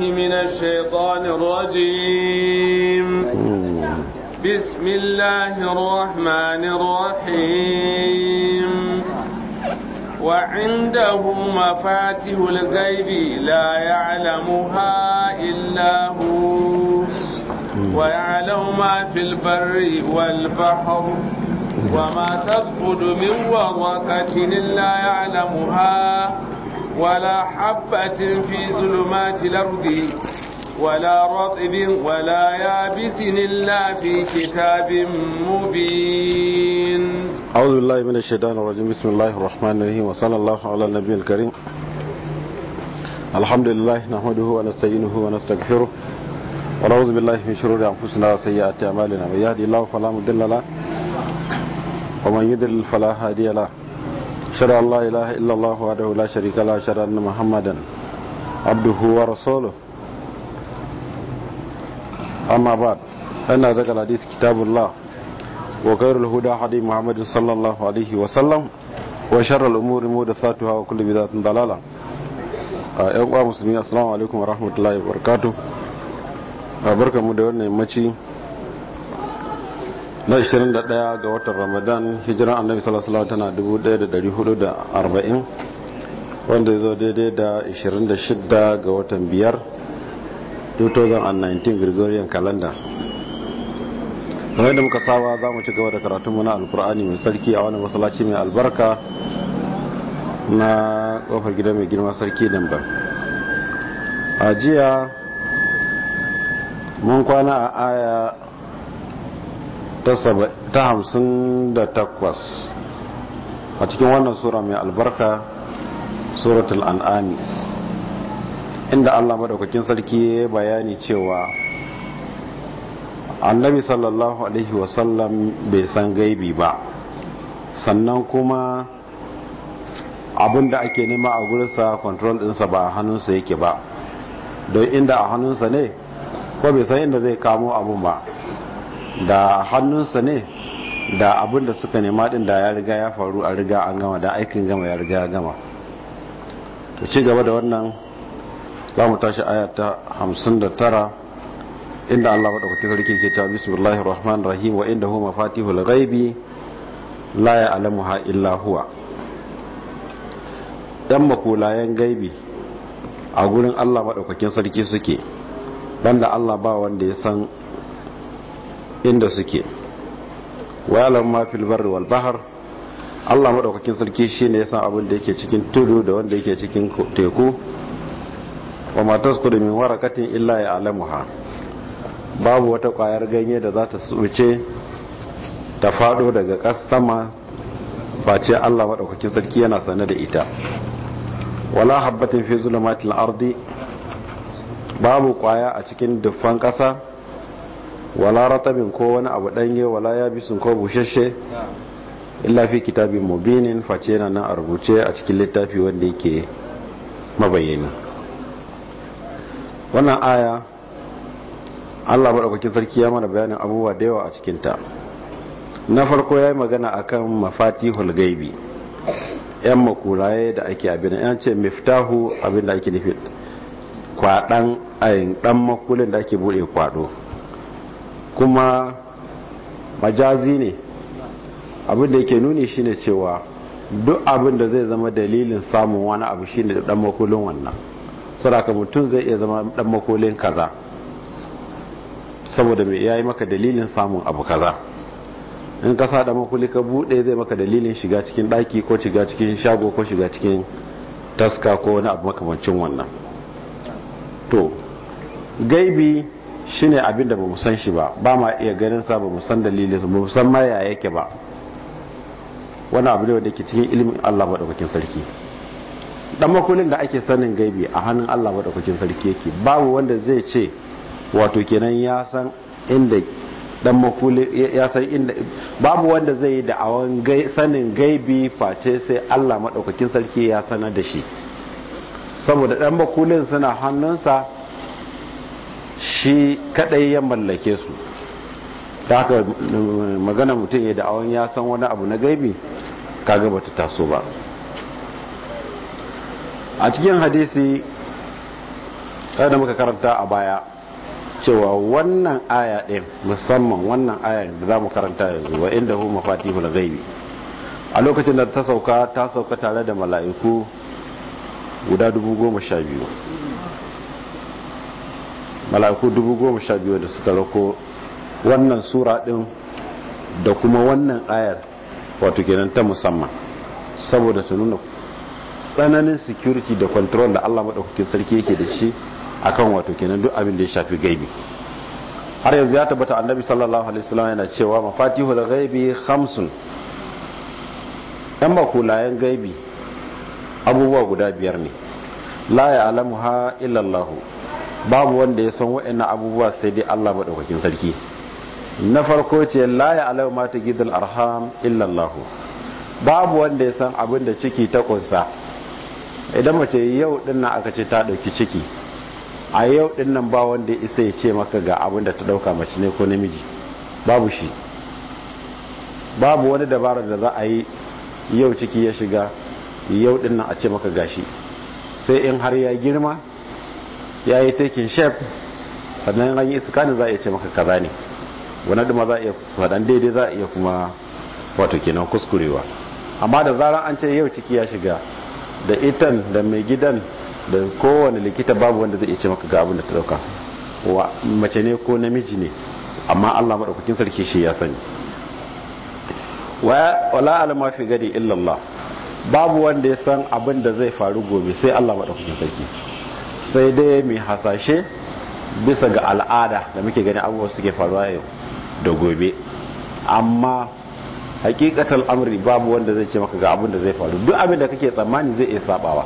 من الشيطان الرجيم بسم الله الرحمن الرحيم وعنده مفاتح الغيب لا يعلمها إلا هو ويعلم ما في البر والبحر وما تسقط من ورقة إلا يعلمها ولا حبة في ظلمات الأرض ولا رطب ولا يابس إلا في كتاب مبين أعوذ بالله من الشيطان الرجيم بسم الله الرحمن الرحيم وصلى الله على النبي الكريم الحمد لله نحمده ونستعينه ونستغفره ونعوذ بالله من شرور أنفسنا وسيئات أعمالنا من يهدي الله فلا مضل له ومن يضلل فلا هادي له أشهد أن لا إله إلا الله وحده لا شريك له أشهد أن محمدا عبده ورسوله أما بعد أن ذكر الحديث كتاب الله وخير الهدى هدي محمد صلى الله عليه وسلم وشر الأمور محدثاتها وكل بدعة ضلالة ‘yan uwa musulmi assalamu alaikum wa rahmatullahi wa barakatu a barka mu da wannan yammaci na 21 ga watan ramadan hijira annabi salasala tana 1440 wanda ya zo daidai da 26 ga watan 5 2019 gregorian calendar kamar da muka saba za mu ci gaba da karatunmu na alkur'ani mai sarki a wani masalaci mai albarka na kofar gida mai girma sarki ba. a jiya mun kwana a aya ta hamsin da takwas a cikin wannan sura mai albarka suratul al'ani inda allah maɗaukakin sarki ya bayani cewa annabi sallallahu alaihi wasallam bai san gaibi ba sannan kuma abinda ake nema a gurinsa control ɗinsa ba a hannunsa yake ba don inda a hannunsa ne ko bai san inda zai kamo abin ba da hannunsa ne da abinda suka nema din da ya riga ya faru a riga an gama da aikin gama ya riga ya gama to ci gaba da wannan za mu tashi hamsin da tara inda Allah madaukakin sarki ke cewa bismillahir rahmanir rahim wa indahu mafatihul ghaibi la ya'lamuha illa huwa dan makulayen gaibi a gurin Allah madaukakin sarki suke banda Allah ba wanda ya san inda suke wayalan ma fil barri wal bahr Allah madaukakin sarki shine ya san abin da yake cikin tudu da wanda yake cikin teku wa ma tasqudu min warakatin illa ya'lamuha babu wata kwayar ganye da za ta subuce ta fado daga ƙas sama face Allah madaukakin sarki yana sane da ita wala habbatin fi zulumatil ardi babu kwaya a cikin duffan ƙasa wala ratabin ko wani abu danye wala ya bisun ko bushashe illa fi kitabin mubinin face na nan a rubuce a cikin littafi wanda yake mabayyana wannan aya Allah maɗaukakin sarki ya mana bayanin abubuwa da yawa a cikinta na farko ya yi magana a akan mafati hulgaibi yan makulaye da ake abin yan ce miftahu abin da ake nufi kwaɗan ayin ɗan makulin da ake buɗe kwaɗo kuma majazi ne abinda yake nuni shine cewa duk abin da zai zama dalilin samun wani abu shine da dan makulin wannan saboda mutum zai iya zama dan makulin kaza saboda mai yayi maka dalilin samun abu kaza in ka sa da makuli ka bude zai maka dalilin shiga cikin daki ko shiga cikin shago ko shiga cikin taska ko wani abu makamancin wannan to gaibi shine abin da bamu san shi ba ba ma iya ganin sa bamu san dalilin bamu san ma ya yake ba wani abu ne wanda ke cikin ilimin Allah madaukakin sarki dan makulin da ake sanin gaibi a hannun Allah madaukakin sarki yake babu wanda zai ce wato kenan ya san inda dan makulin ya san inda babu wanda zai yi da'awan sanin gaibi face sai Allah madaukakin sarki ya sanar da shi saboda dan makulin suna hannunsa shi kadai ya mallake su da haka eh, magana mutum ya da'awon ya san wani abu na gaibi kaga ta taso ba a cikin hadisi da muka karanta a baya cewa wannan aya ɗin musamman wannan aya da za mu karanta yanzu wa inda hu hula gaibi. a lokacin da ta sauka ta sauka tare da mala'iku guda dubu goma sha biyu mala'iku dubu goma sha biyu da suka rako wannan sura din da kuma wannan ayar wato kenan ta musamman saboda ta nuna tsananin security da control da Allah madaukakin sarki yake da shi akan wato kenan duk abin da ya shafi gaibi har yanzu ya tabbata annabi sallallahu alaihi wasallam yana cewa mafatihul gaibi khamsun yan makulayen gaibi abubuwa guda biyar ne la alamu ha illallahu. babu wanda ya san wa'annan abubuwa sai dai Allah madaukakin sarki na farko ce la ya alau ma tagidul arham illa babu wanda ya san abin da ciki ta kunsa idan mace yau din nan aka ce ta ɗauki ciki a yau din nan ba wanda isa ya ce maka ga abin da ta dauka mace ne ko namiji babu shi babu wani dabarar da za a yi yau ciki ya shiga yau din nan a ce maka gashi sai in har ya girma ya yi taking shape sannan an yi iskanin za a iya ce maka kaza ne wani duma za a iya fadan daidai za a iya kuma wato kenan kuskurewa amma da zarar an ce yau ciki ya shiga da itan da mai gidan da kowane likita babu wanda zai iya ce maka ga abin da ta dauka mace ne ko namiji ne amma Allah madaukakin sarki shi ya sani wala alama fi gadi illallah babu wanda ya san abin da zai faru gobe sai Allah madaukakin sarki sai dai mai hasashe bisa ga al'ada da muke gani abubuwa suke faruwa yau da gobe amma hakikatar amri babu wanda zai ce maka ga abin da zai faru duk abin da kake tsammani zai iya sabawa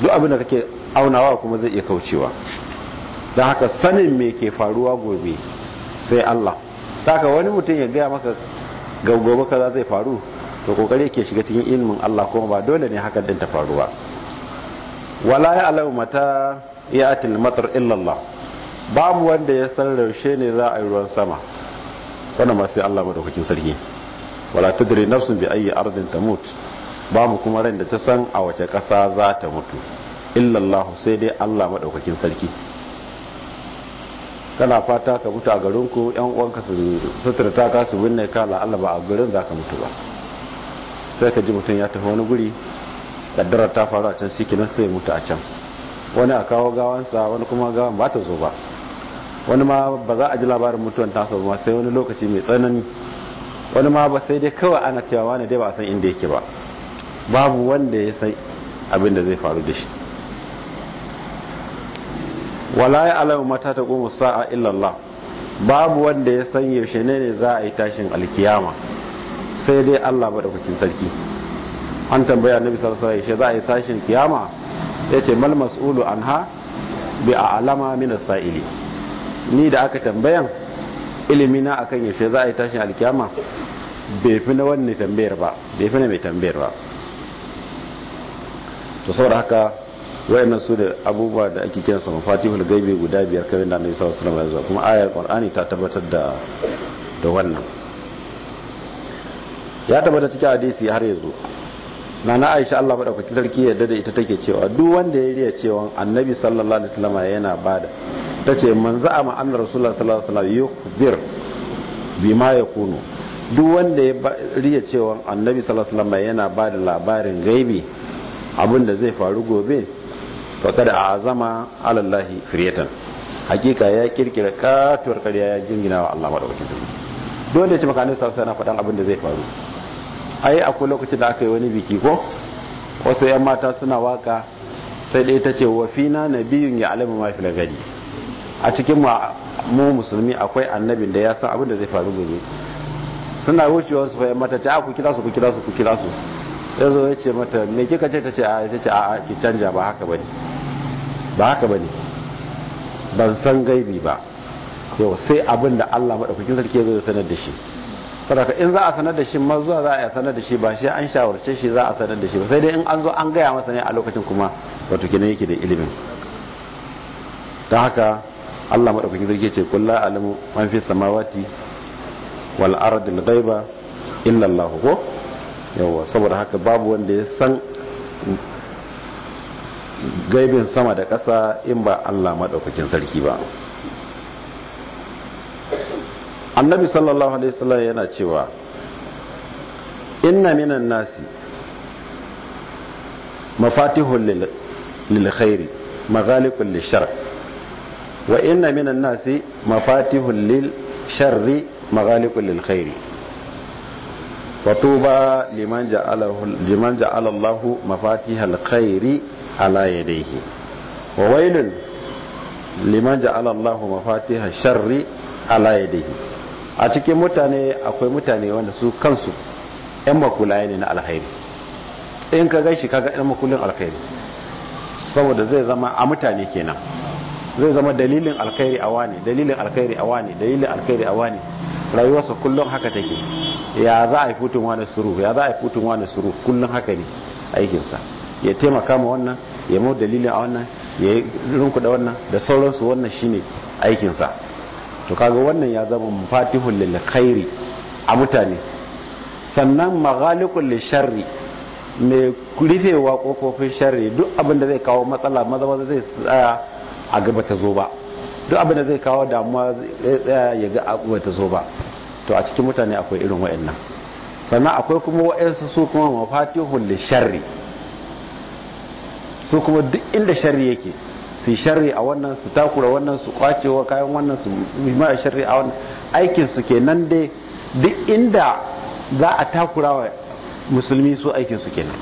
duk abin da kake aunawa kuma zai iya kaucewa don haka sanin me ke faruwa gobe sai Allah ka wani mutum ya gaya maka ga gobe kaza zai faru to kokari yake shiga cikin ilimin Allah kuma ba dole ne hakan din ta faruwa wala ya alau mata ya ati matar illallah babu wanda ya san raushe ne za a yi ruwan sama wannan masu Allah madaukakin sarki wala tadri nafsun bi ayi ardin tamut babu kuma ran da ta san a wace kasa za ta mutu illallahu sai dai Allah madaukakin sarki kana fata ka mutu a garin ku yan uwanka su ka su binne ka la Allah ba a garin za ka mutu ba sai ka ji mutum ya tafi wani guri kaddarar ta faru a can shi kenan sai mutu a can wani a kawo gawansa wani kuma gawan ba ta zo ba wani ma ba za a ji labarin mutuwan tasa ba sai wani lokaci mai tsanani wani ma ba sai dai kawai ana cewa wani dai ba san inda yake ba babu wanda ya sai abin da zai faru da shi wala ya alamu mata ta goma sa'a illallah babu wanda ya san yaushe ne za a yi tashin alkiyama sai dai allah ba da kukin sarki an tambaya annabi sallallahu alaihi wasallam za a yi sashin kiyama yace mal mas'ulu anha bi a'lama min as-sa'ili ni da aka tambayan ilimi na akan yaushe za a yi tashin alkiyama bai fi na wani tambayar ba bai fi na mai tambayar ba to saboda haka wayannan su da abubuwa da ake kiransu mafatihul gaibi guda biyar kawai da annabi sallallahu alaihi wasallam kuma ayar qur'ani ta tabbatar da da wannan ya tabbatar cikin hadisi har yanzu nana aisha Allah kwaki sarki yadda da ita take cewa duk wanda ya riya cewa annabi sallallahu alaihi wasallam yana bada ce man za'a ma anna rasulullah sallallahu alaihi wasallam yukbir bima kunu duk wanda ya riya cewa annabi sallallahu alaihi wasallam yana bada labarin gaibi abinda zai faru gobe to kada azama alallahi firyatan hakika ya kirkira katuwar karya ya jingina wa Allah madaukakin sarki dole ya ci makanin annabi faɗan abin da zai faru ai akwai lokacin da aka yi wani biki ko wasu yan mata suna waka sai dai ta ce wa fina na biyun ya alama mafi lagari a cikin mu musulmi akwai annabin da ya san abin da zai faru gobe suna wucewa su fa mata ce a ku kira su ku kira su ku kira su ya zo ya ce mata me kika ce ta ce a ya ce a ki canja ba haka bane ba haka bane ban san gaibi ba yau sai abin da Allah madaukakin sarki ya zo sanar da shi saboda in za a sanar da shi ma zuwa za a sanar da shi ba shi an shawarce shi za a sanar da shi ba sai dai in an zo an gaya masa ne a lokacin kuma wato kenan yake da ilimin ta haka Allah madaukakin sarki ce kullu alamu man fi samawati wal ardi al ghaiba illa Allah ko yawa saboda haka babu wanda ya san gaibin sama da ƙasa in ba Allah madaukakin sarki ba annabi sallallahu alaihi sallam yana cewa inna minan nasi mafatihun lil khairi maghalikun lil wa inna minan nasi mafatihun lil sharri maghalikun lil khairi wa liman ja'alahu liman ja'ala Allahu mafatihal khairi ala yadayhi wa wailun liman ja'ala Allahu mafatihash sharri ala yadayhi a cikin mutane akwai mutane wanda su kansu yan makulaye ne na alkhairi in ka gaishe kaga yan makulin alkhairi saboda zai zama a mutane kenan zai zama dalilin alkhairi a wani dalilin alkhairi a wani dalilin alkhairi a wani rayuwarsa kullum haka take ya za a yi futun wani suru ya za a yi futun wani suru kullum haka ne aikinsa ya taimaka ma wannan ya mau dalilin a wannan ya yi rinkuda wannan da sauransu wannan shine aikinsa to kaga wannan ya zama mafatihul lil khairi a mutane sannan maghaliqul lil sharri mai kurifewa kofofin sharri duk abin da zai kawo matsala maza maza zai tsaya a gaba ta zo ba duk abin da zai kawo damuwa zai tsaya ya ga abuwa ta zo ba to a cikin mutane akwai irin wa'annan sannan akwai kuma wa'ansu su kuma mafatihul lil sharri su kuma duk inda sharri yake su sharri a wannan su takura wannan su kwacewa kayan wannan su a sharri a wannan aikin su kenan dai duk inda za a takura wa musulmi su aikin su kenan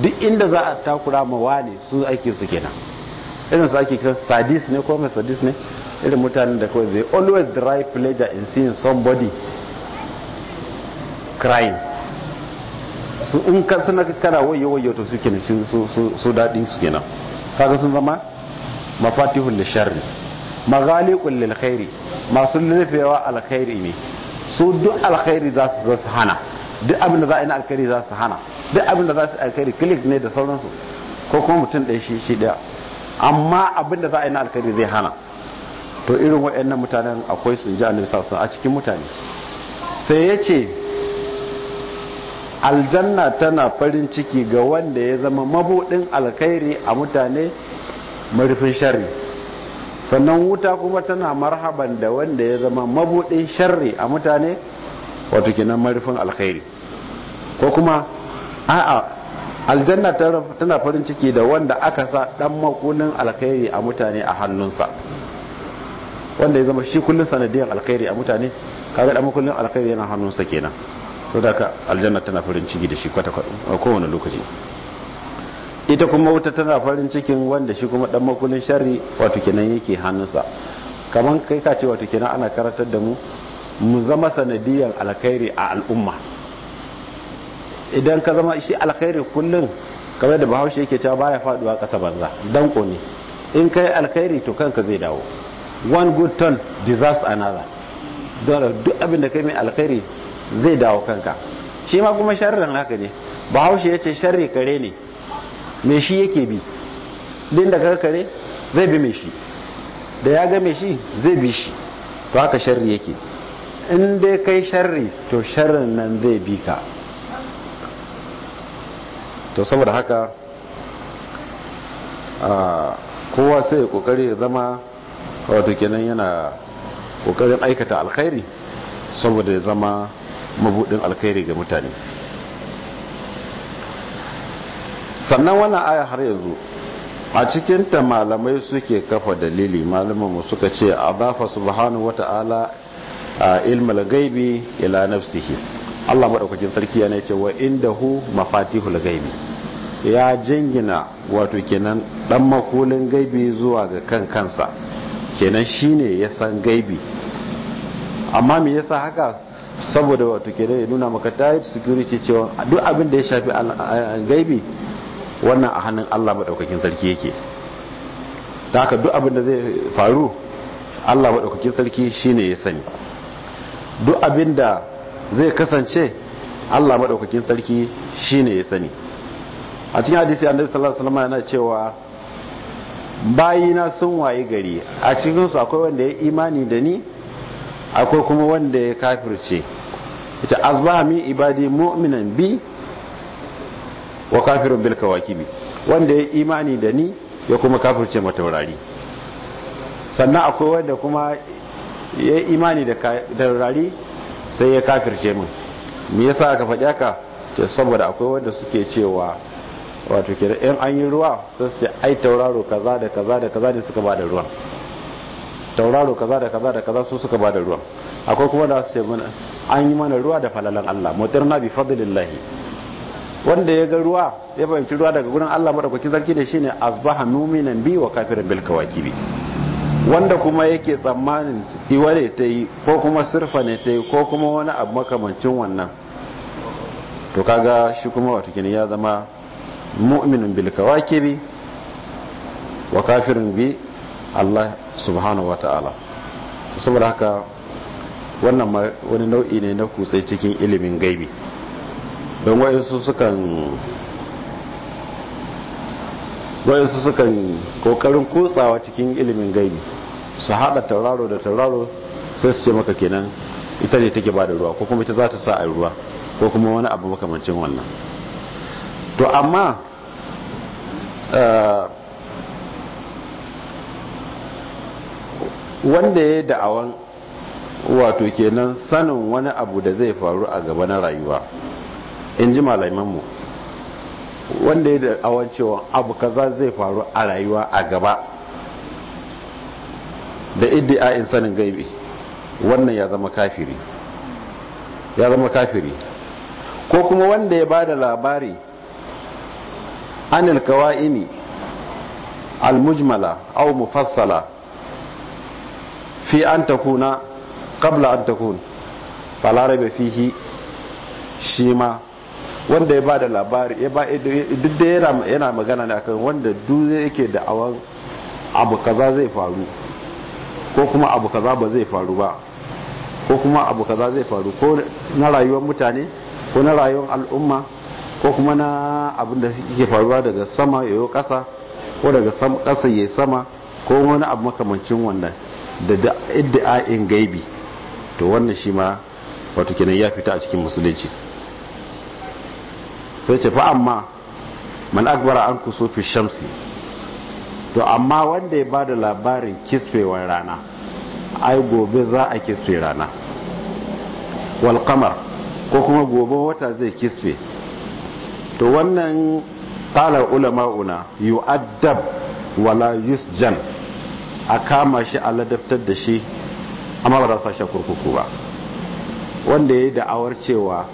duk inda za a takura ma wani su aikin su kenan irin su ake kira sadis ne ko mai sadis ne irin mutanen da kawai they always derive pleasure in seeing somebody crying su in kan suna kana wayo wayo to su kenan su daɗi su kenan kaga sun zama da shari maghaliqul lil khairi masu nufewa alkhairi ne su duk alkhairi za su zo su hana duk abin da za a yi na alkhairi za su hana duk abin da za su alkhairi kilik ne da sauransu ko kuma mutum ɗaya shi shi ɗaya amma abin da za a yi na alkhairi zai hana to irin waɗannan mutanen akwai sun ji annabi sallallahu alaihi a cikin mutane sai ya ce aljanna tana farin ciki ga wanda ya zama mabudin alkhairi a mutane marufin shari sannan wuta kuma tana marhaban da wanda ya zama mabudin shari a mutane wato kinan marufin alkhairi ko kuma a aljanna tana farin ciki da wanda aka sa dan makunin alkhairi a mutane a hannunsa wanda ya zama shi kullum sanadiyar alkhairi a mutane kaga dan makunin alkhairi yana hannunsa kenan saboda aljanna tana farin ciki da shi kwata kwata kowane lokaci ita kuma wuta tana farin cikin wanda shi kuma dan makullin shari wato kenan yake hannunsa kaman kai ka ce wato kenan ana karatar da mu mu zama sanadiyan alkhairi a al'umma idan ka zama shi alkhairi kullum kamar da bahaushe yake cewa baya faduwa kasa banza danko ne in kai alkhairi to kanka zai dawo one good turn deserves another dole duk abin da kai mai alkhairi zai dawo kanka shi ma kuma sharrin haka ne bahaushe ya ce sharri kare ne me shi yake bi din da kaka kare zai bi mai shi da ya ga me shi zai bi shi to haka sharri yake in dai kai sharri to sharrin nan zai bi ka to saboda haka kowa sai ya kokari ya zama wato kenan yana kokarin aikata alkhairi saboda ya zama mabudin alkhairi ga mutane sannan wannan aya har yanzu a cikin ta malamai suke kafa dalili mu suka ce adafa subhanahu wata'ala ilmal gaibi ila nafsihi Allah madaukakin sarki yana ce wa indahu mafatihul gaibi ya jingina wato kenan dan makulin gaibi zuwa ga kan kansa kenan shine ya san gaibi amma me yasa haka saboda wato kenan ya nuna maka tight security cewa duk abin da ya shafi gaibi wannan a hannun Allah maɗaukakin sarki yake ta haka duk abin da zai faru Allah maɗaukakin sarki shi ne ya sani duk abin da zai kasance Allah maɗaukakin sarki shi ne ya sani a cikin hadisi annabi sallallahu alaihi yana cewa bayina sun waye gari a cikin su akwai wanda ya imani da ni akwai kuma wanda ya kafirce ita azbaha ibadi mu'minan bi wa kafirun bil kawakibi wanda ya imani da ni ya kuma kafirce ma taurari sannan akwai wanda kuma ya imani da taurari sai ya kafirce min me yasa aka faɗi haka to saboda akwai wanda suke cewa wato kira in an yi ruwa sun sai ai tauraro kaza da kaza da kaza ne suka ba da ruwan tauraro kaza da kaza da kaza su suka ba da ruwan akwai kuma da su ce mana an yi mana ruwa da falalan Allah mutarna bi fadlillahi wanda ya ga ruwa ya fahimci ruwa daga gurin Allah madaukakin sarki da shine asbaha mu'minan bi wa kafirin bil bi wanda kuma yake tsammanin iwa ne ta yi ko kuma sirfa ne ta yi ko kuma wani abu makamancin wannan to kaga shi kuma wata kini ya zama mu'minin bil bi wa kafirin bi Allah subhanahu wa ta'ala saboda haka wannan wani nau'i ne na kutsai cikin ilimin gaibi don wayansu sukan wayansu sukan kokarin kutsawa cikin ilimin gaibi su hada tauraro da tauraro sai su ce maka kenan ita ne take bada ruwa ko kuma ita za ta sa a ruwa ko kuma wani abu makamancin wannan to amma eh, wanda ya yi da'awan wato kenan sanin wani abu da zai faru a gaba na rayuwa in ji malamanmu wanda ya da cewa abu kaza zai faru a rayuwa a gaba da in sanin gaibi wannan ya zama kafiri ya zama kafiri ko kuma wanda ya ba da labari anil kawa'ini almujmala aw mufassala fi an takuna qabla an takun falarabe fihi shi ma wanda ya ba da labari ya ba duk da yana magana ne akan wanda duk yake da awan abu kaza zai faru ko kuma abu kaza ba zai faru ba ko kuma abu kaza zai faru ko na rayuwar mutane ko na rayuwar al'umma ko kuma na abin da ke faruwa daga sama yi kasa ko daga kasa ya sama ko wani abu makamancin wannan da iddia'in gaibi to wannan shi ma wato kenan ya fita a cikin musulunci sai ce fa amma man akbara an kusufi shamsi to amma wanda ya bada labarin kiswewar rana ai gobe za a kiswe rana wal ko kuma gobe wata zai kisfe to wannan una ulama'una yu'addab wala jan a kama shi a ladabtar da shi amma ba za su kurkuku ba wanda ya yi da'awar cewa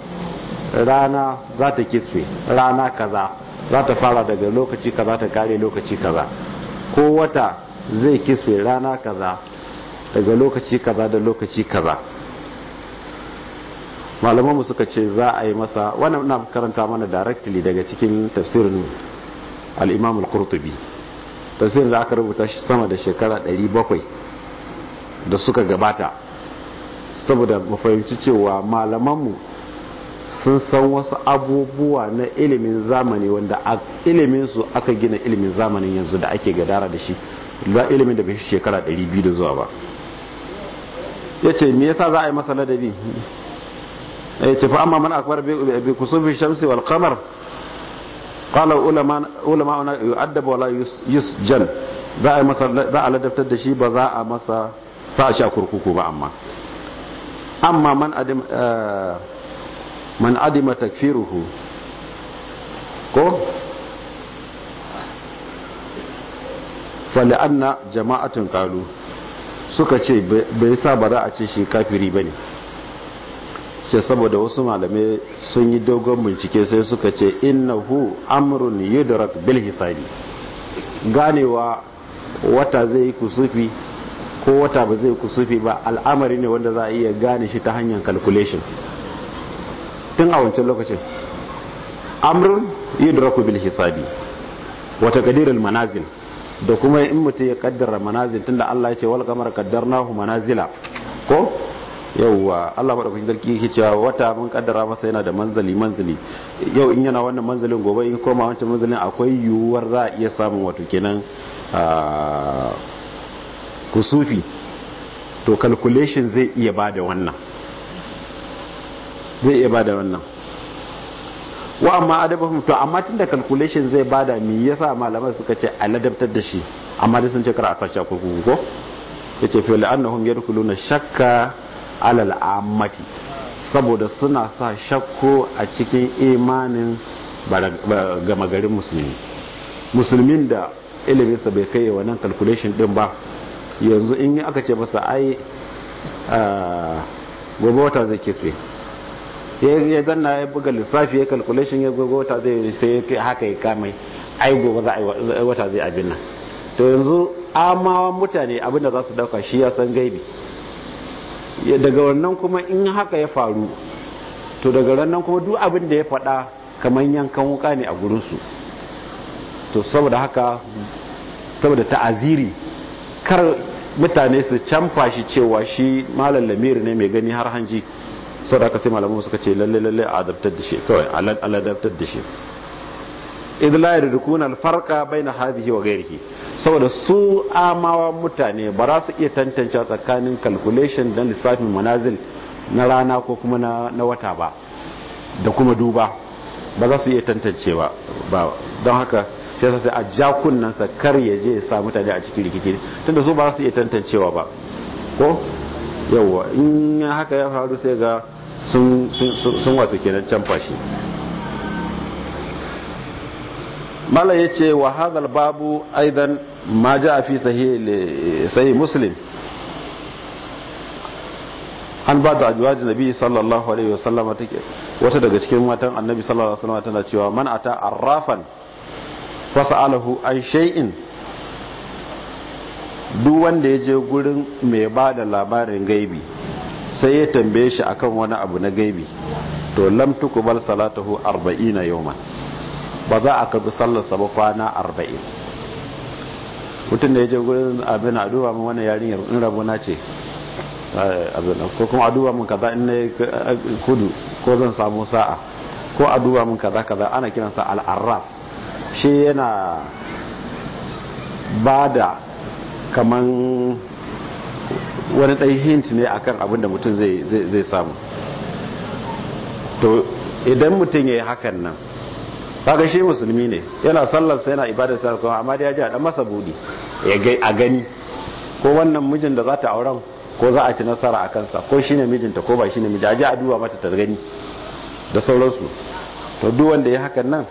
rana za ta kiswe rana kaza za ta fara daga lokaci kaza ta kare lokaci kaza ko wata zai kiswe rana kaza daga lokaci kaza da lokaci kaza malamanmu suka ce za a yi masa wannan na karanta mana directly daga cikin tafsirin al’imamul kurtubi al tafsirin da aka rubuta shi sama da shekara 700 da suka gabata saboda mafahimci cewa malamanmu sun san wasu abubuwa na ilimin zamani wanda ilimin su aka gina ilimin zamanin yanzu da ake gadara da shi za ilimin da bai shekara 200 da zuwa ba ya ce me yasa za a yi masa ladabi ya ce fa amma man akbar bi kusufi shamsi wal qamar qala ulama ulama yu'addab wala yusjan za a yi masa za a ladabtar da shi ba za a masa sa a sha kurkuku ba amma amma man adim eh, man adima takfiruhu ko fal'anna jama'atun kalu suka ce bai sa ba za a ce shi kafiri ba ne sai saboda wasu malamai sun yi dogon bincike sai suka ce innahu amrun yudrak bil ganewa wata zai yi kusufi ko wata ba zai kusufi ba al'amari ne wanda za a iya gane shi ta hanyar calculation tun a wancan lokacin amrun yudraku bil hisabi wata taqdirul manazil da kuma in mutum ya kaddara manazil tunda Allah ya ce wal qamara qaddarnahu manazila ko yauwa Allah madaukakin sarki yake cewa wata mun kaddara masa yana da manzali manzali yau in yana wannan manzalin gobe in koma wancan manzalin akwai yiwuwar za a iya samun wato kenan kusufi to calculation zai iya ba da wannan zai iya bada wannan wa amma adabahum to amma tunda calculation zai bada me yasa malaman suka ce a ladabtar da shi amma dai sun ce kar a sashi a kurkuku ko yace fa la'annahum yadkhuluna shakka alal ammati saboda suna sa shakko a cikin imanin gama garin musulmi musulmin da iliminsa bai kai wannan calculation din ba yanzu in aka ce masa ai ah, gobe wata zai kisbe ya zanna ya buga lissafi ya calculation ya gogo wata zai yi sai ya haka ya kamai ai gogo za a wata zai abin nan to yanzu amawan mutane abin da za su dauka shi ya san gaibi daga wannan kuma in haka ya faru to daga wannan kuma duk abin da ya faɗa kamar yankan wuka ne a gurinsu to saboda haka saboda ta'aziri kar mutane su canfa shi cewa shi malam lamiri ne mai gani har hanji sau da aka sai malamu suka ce lalle lalle a adabtar da shi kawai aladabtar da shi idh la yadrukuna alfarqa baina hadhihi wa ghayrihi saboda su amawa mutane ba za su iya tantance tsakanin calculation dan lissafin manazil na rana ko kuma na wata ba da kuma duba ba za su iya tantance ba don haka shi yasa sai a ja sa kar ya je ya sa mutane a cikin rikici tunda su ba za su iya tantancewa ba ko yawwa in haka ya faru sai ga sun wato kenan can shi mala ya ce wa hadal babu aidan ma ja fi sahi muslim an ba da ajwaji nabi sallallahu alaihi ta ke wata daga cikin matan annabi sallallahu alaihi wasallama tana cewa man ata arrafan fas'alahu an shay'in duk wanda ya je gurin mai ba da labarin gaibi sai ya tambaye shi akan wani abu na gaibi to lam tuqbal salatuhu 40 yawman ba za a kabi sallar sa ba kwana 40 mutum da ya je gurin abin a duba mun wannan yarinyar in na ce abin ko kuma a duba kaza in ne kudu ko zan samu sa'a ko a duba kaza kaza ana kiransa al-arraf shi yana bada kaman wani ɗan hint ne a kan da mutum zai samu to idan mutum ya yi hakan nan ga shi musulmi ne yana sallarsa yana ibadarsa kuma amma da ya ji a ɗan masa buɗi a gani ko wannan mijin da za ta auren ko za a ci nasara a kansa ko shi ne mijinta ko ba shi ne miji a ji a duba mata ta gani da sauransu to duk wanda ya hakan nan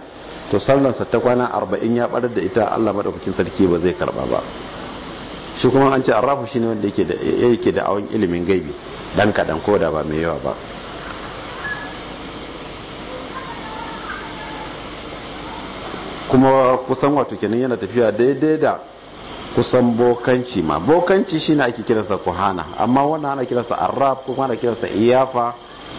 to sallarsa ta kwana arba'in ya barar da ita allah maɗaukakin sarki ba zai karba ba shi kuma an ce arrafu ne wanda yake da da awon ilimin gaibi dan kadan ko da ba mai yawa ba kuma kusan wato kenan yana tafiya daidai da kusan bokanci ma bokanci shi ne ake kiransa kuhana amma wannan ana kiransa arab kuma ana kiransa iyafa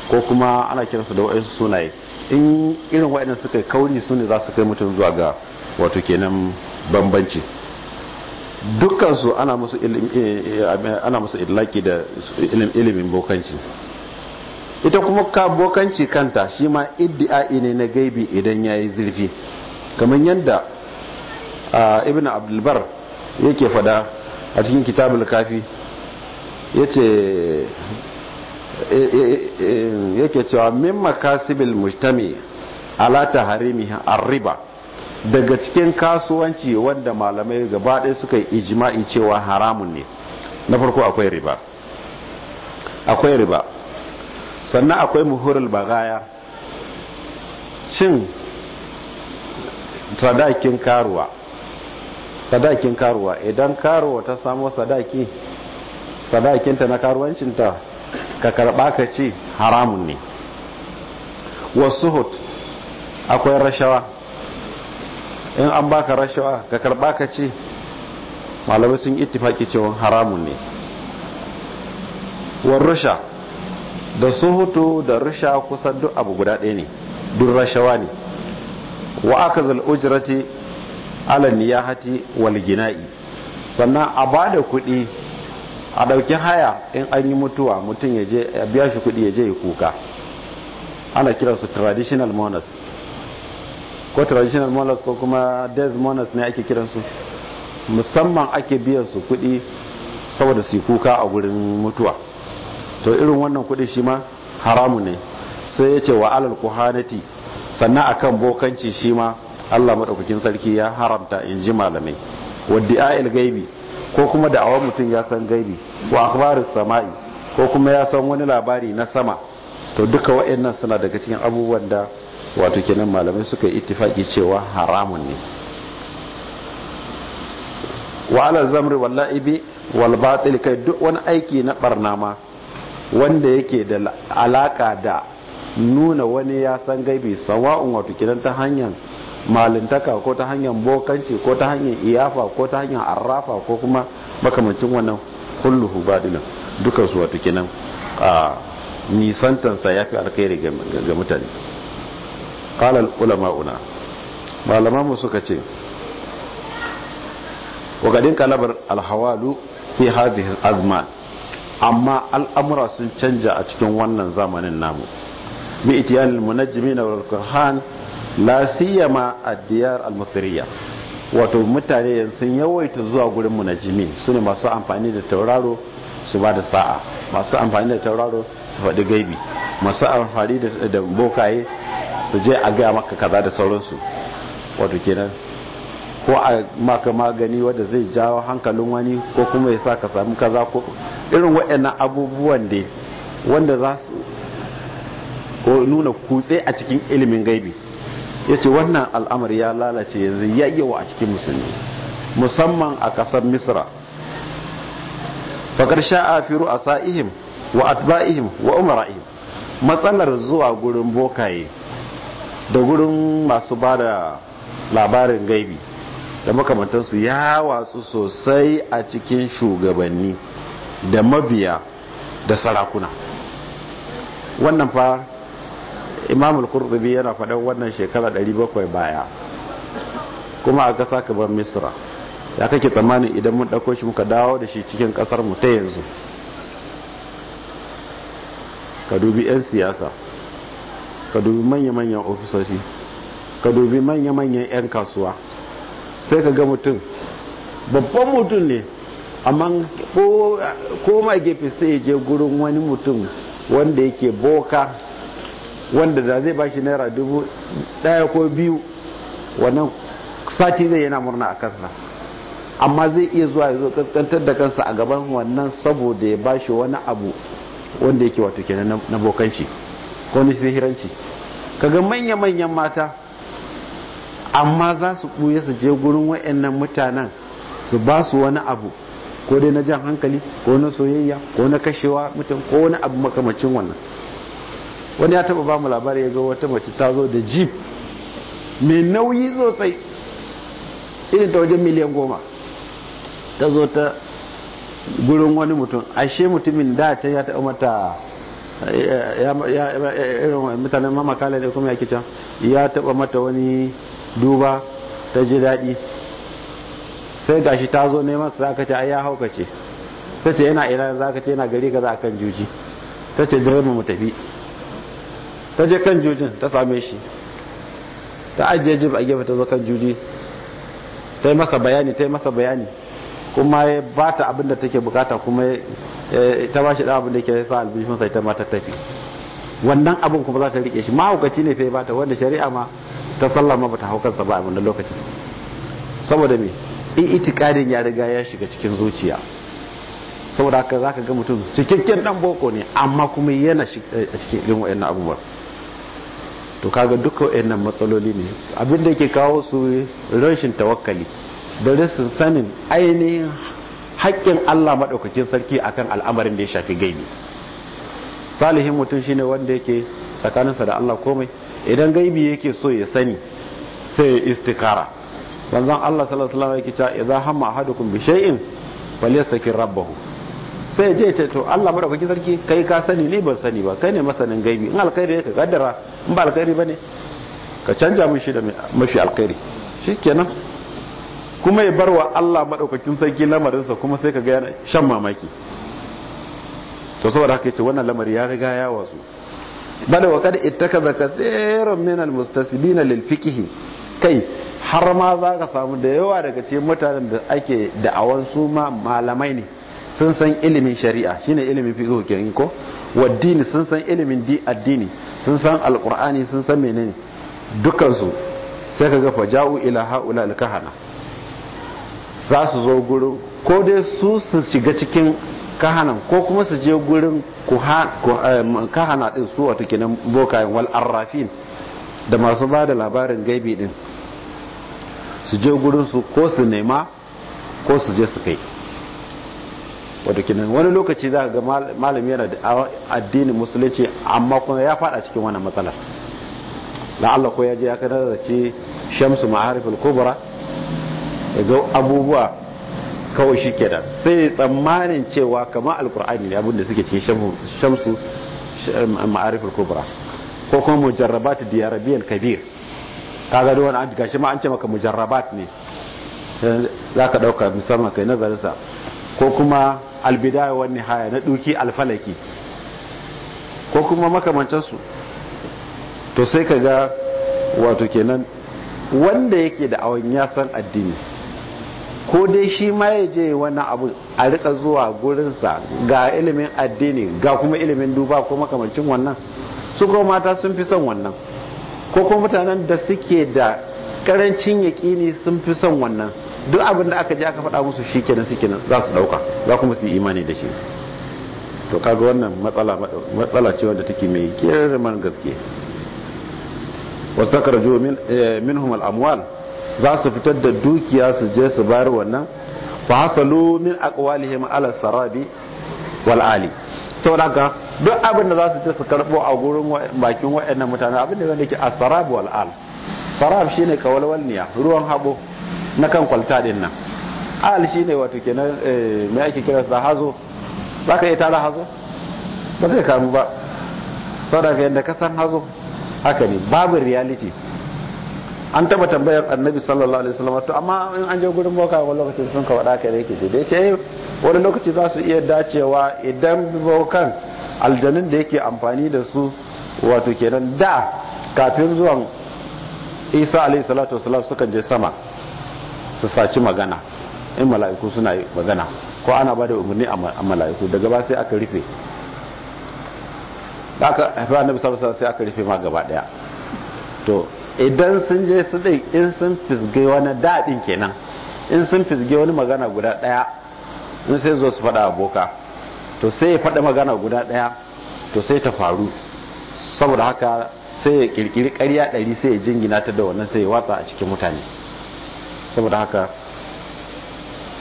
ko kuma ana kiransa da wa'ansu sunaye in irin wa'annan suka kauri su ne za su kai mutum zuwa ga wato kenan bambanci dukkansu ana musu eh, eh, ana musu illaki da ilimin bokanci ita kuma ka bokanci kanta shi ma iddi'a'i ne na gaibi idan yayi zurfi kamar yadda ibn abdulbar yake fada a cikin kitabul kafi yace eh, yake cewa min makasibil mujtami ala taharimi ar-riba daga cikin kasuwanci wanda malamai gaba ɗaya suka yi ijma'i cewa haramun ne na farko akwai riba akwai riba sannan akwai muhurul bagaya Cin sadakin karuwa sadakin karuwa idan karuwa ta samo sadaki sadakinta na karuwancinta ka karɓa ka ce haramun ne wasu hot akwai rashawa in an baka rashawa ka karba ka ce malamai sun ittifaki cewa haramun ne Wa rusha da suhutu da rusha kusan duk abu guda ɗaya ne duk rashawa ne wa aka zal ujrati ala niyahati wal gina'i sannan a ba da kuɗi a ɗauki haya in an yi mutuwa mutum ya biya shi kuɗi ya je ya kuka ana kiransu traditional monas ko traditional molars ko kuma desmonas ne ake kiransu musamman ake biyan su kudi saboda su kuka a gurin mutuwa to irin wannan kudi shi ma haramu ne sai yace ce wa alal kuhanati sannan akan bokanci shi ma Allah madaukakin sarki ya haramta in ji malamai wadda ayil gaibi ko kuma da awon mutum ya san gaibi ko akhbarus sama'i ko kuma ya san wani labari na sama to duka wa'annan suna daga cikin abubuwan da wato kenan malamai suka yi ittifaki cewa haramun ne wa zamri wallahi wal batil kai duk wani aiki na barna ma wanda yake da alaka da nuna wani ya san gaibi sawa'un wato kenan ta hanyar malintaka ko ta hanyar bokanci ko ta hanyar iyafa ko ta hanyar arrafa ko kuma makamancin wannan kulluhu badilan dukansu wato kenan a nisantansa ya fi alkhairi ga mutane qala ulama'una malaman mu suka ce wa gadin kalabar al-hawalu fi hadhihi azman amma al'amura sun canja a cikin wannan zamanin namu bi al munajjimin wal qur'an la siyama ad-diyar al-musriyah wato mutane sun yawaita zuwa gurin munajimin su ne masu amfani da tauraro su ba da sa'a masu amfani da tauraro su faɗi gaibi masu amfani da bokaye su je a gaya maka kaza da sauransu wato kenan ko a maka magani wadda zai jawo hankalin wani ko kuma ya sa ka sami kaza ko irin waɗannan abubuwan da wanda za su ko nuna kutse a cikin ilimin gaibi ya ce wannan al'amari ya lalace yanzu yayyawa a cikin musulmi musamman a ƙasar misra faƙar sha'a firu a sa'ihim wa atba'ihim wa umara'ihim matsalar zuwa gurin bokaye da gurin masu ba da labarin gaibi da makamantansu ya watsu sosai a cikin shugabanni da mabiya da sarakuna wannan fa imamul kurdubi yana faɗin wannan shekara 700 baya kuma a ƙasa kamar misra ya kake tsammanin idan mun ɗauko shi muka dawo da shi cikin ƙasar mu ta yanzu ka dubi 'yan siyasa ka dubi manya-manyan ofisoshi ka dubi manya-manyan 'yan kasuwa sai ka ga mutum babban mutum ne amma koma gefe sai je gurin wani mutum wanda yake boka wanda da zai bashi naira dubu daya ko biyu wannan sati zai yana murna a kansa amma zai iya zuwa ya zo kaskantar da kansa a gaban wannan saboda ya ba shi wani abu wanda yake wato kenan na bokanci ko ni sihiranci kaga manya-manyan mata amma za su ɓuya su je gurin wa'annan mutanen su ba su wani abu ko dai na jan hankali ko na soyayya ko na kashewa mutum ko wani abu makamacin wannan wani ya taba ba mu labari ya ga wata mace ta zo da jeep mai nauyi sosai irin ta wajen miliyan goma ta zo ta gurin wani mutum ashe mutumin da ta ya taɓa mata irin mutanen mamakala ne kuma ya kita ya taɓa mata wani duba ta ji daɗi sai gashi ta zo neman su aka ce ai ya haukace ta ce yana ina za ce yana gari ka za kan juji ta ce direba mu tafi ta je kan jujin ta same shi ta ajiye jib a gefe ta zo kan juji ta yi masa bayani ta yi masa bayani kuma ya ba ta abin da take bukata kuma ta ba shi da abin da ke sa albishin sai ta ma ta tafi wannan abin kuma za ta rike shi mahaukaci ne fai ba ta wanda shari'a ma ta sallama ba ta haukansa ba a wannan lokacin saboda me in itikadin ya riga ya shiga cikin zuciya saboda haka ka ga mutum cikakken dan boko ne amma kuma yana a eh, cikin irin abubuwa to kaga duka wayannan matsaloli ne abinda da yake kawo su rashin tawakkali da risin sanin ainihin haƙƙin Allah maɗaukakin sarki akan al'amarin da ya shafi gaibi salihin mutum shine wanda yake tsakaninsa da Allah komai idan gaibi yake so ya sani sai ya istikara wanzan Allah sallallahu alaihi wasallam yake cewa idza hamma ahadukum bi shay'in falyastakir rabbahu sai je ce to Allah maɗaukakin sarki kai ka sani ni ban sani ba kai ne masanin gaibi in alkhairi ne ka kaddara in ba alkhairi ne ka canja mun shi da mafi alkhairi shikenan kuma ya bar wa Allah maɗaukakin sarki lamarinsa kuma sai ka gaya shan mamaki to saboda haka yace wannan lamari ya riga ya wasu bal wa kad ittakaza zaka min al mustasibi lil fiqh kai har ma za ka samu da yawa daga cikin mutanen da ake da'awan su ma malamai ne sun san ilimin shari'a shine ilimin fiqh kenan ko waddini sun san ilimin di addini sun san alqur'ani sun san menene dukansu sai ka ga faja'u ila haula alkahana. za su zo gurin ko dai su su shiga cikin kahanan ko kuma su je gurin eh, kahana din su wata kinan bokayen wal arrafin da masu ba da labarin gaibi din su je gurin su ko su nema ko su je su kai wato wani lokaci za ga malami yana da addinin musulunci amma kuma ya fada cikin wannan matsalar la'alla ko ya je ya kada da ce shamsu ma'arifin kubra ya ga abubuwa kawai shi ke da sai tsammanin cewa kama alkur'ani ne abinda suke cikin shamsu eh, ma'arifar kubra ko kuma mujarrabat diyarabiyar kabir ka ga wani an gashi ma an ce maka mujarrabat ne eh, za ka ɗauka musamman kai nazarinsa ko kuma albidaya wani haya na duki alfalaki ko kuma makamancinsu to sai ka ga wato kenan wanda yake da awon yasan addini ko dai shi ma ya je wani abu a rika zuwa gurinsa ga ilimin addini ga kuma ilimin duba ko makamancin wannan su mata sun fi son wannan ko kuma mutanen da suke da karancin yaƙini sun fi son wannan duk abin da aka je aka faɗa musu shi kenan kenan za su ɗauka za kuma su yi imani da shi to kaga wannan matsala ce wanda take mai girman gaske wasu takar min eh, minhum amwal za su fitar da dukiya su je su bayar wannan fa hasalu min aqwalihim ala sarabi wal ali saboda haka duk abin da za su je su karbo a gurin bakin waɗannan mutane abin da yake a sarabi wal al sarab shine kawalwalniya ruwan habo na kan kwalta din nan al shine wato kenan eh, me ake kira sa hazo zaka yi tara hazo ba zai kamu ba saboda yanda ka san hazo haka ne babu reality an taba tambayar annabi sallallahu alaihi wasallam to amma in an je gurin boka wani lokacin sun ka wada kai yake daidai ce eh, wani lokaci za su iya dacewa idan bokan aljanun da yake amfani da su wato kenan da kafin zuwan isa alaihi salatu wasallam sukan je sama su saci magana in mala'iku suna magana ko ana ba da umarni a mala'iku daga ba sai aka rufe da aka haifi annabi sallallahu alaihi wasallam sai aka rufe ma gaba daya to idan sun je su ɗin in sun fisge wani daɗin kenan in sun fisge wani magana guda ɗaya in sai zo su faɗa aboka to sai ya faɗa magana guda ɗaya to sai ta faru saboda haka sai ya ƙirƙiri ƙarya ɗari sai ya jingina ta da wannan sai ya watsa a cikin mutane saboda haka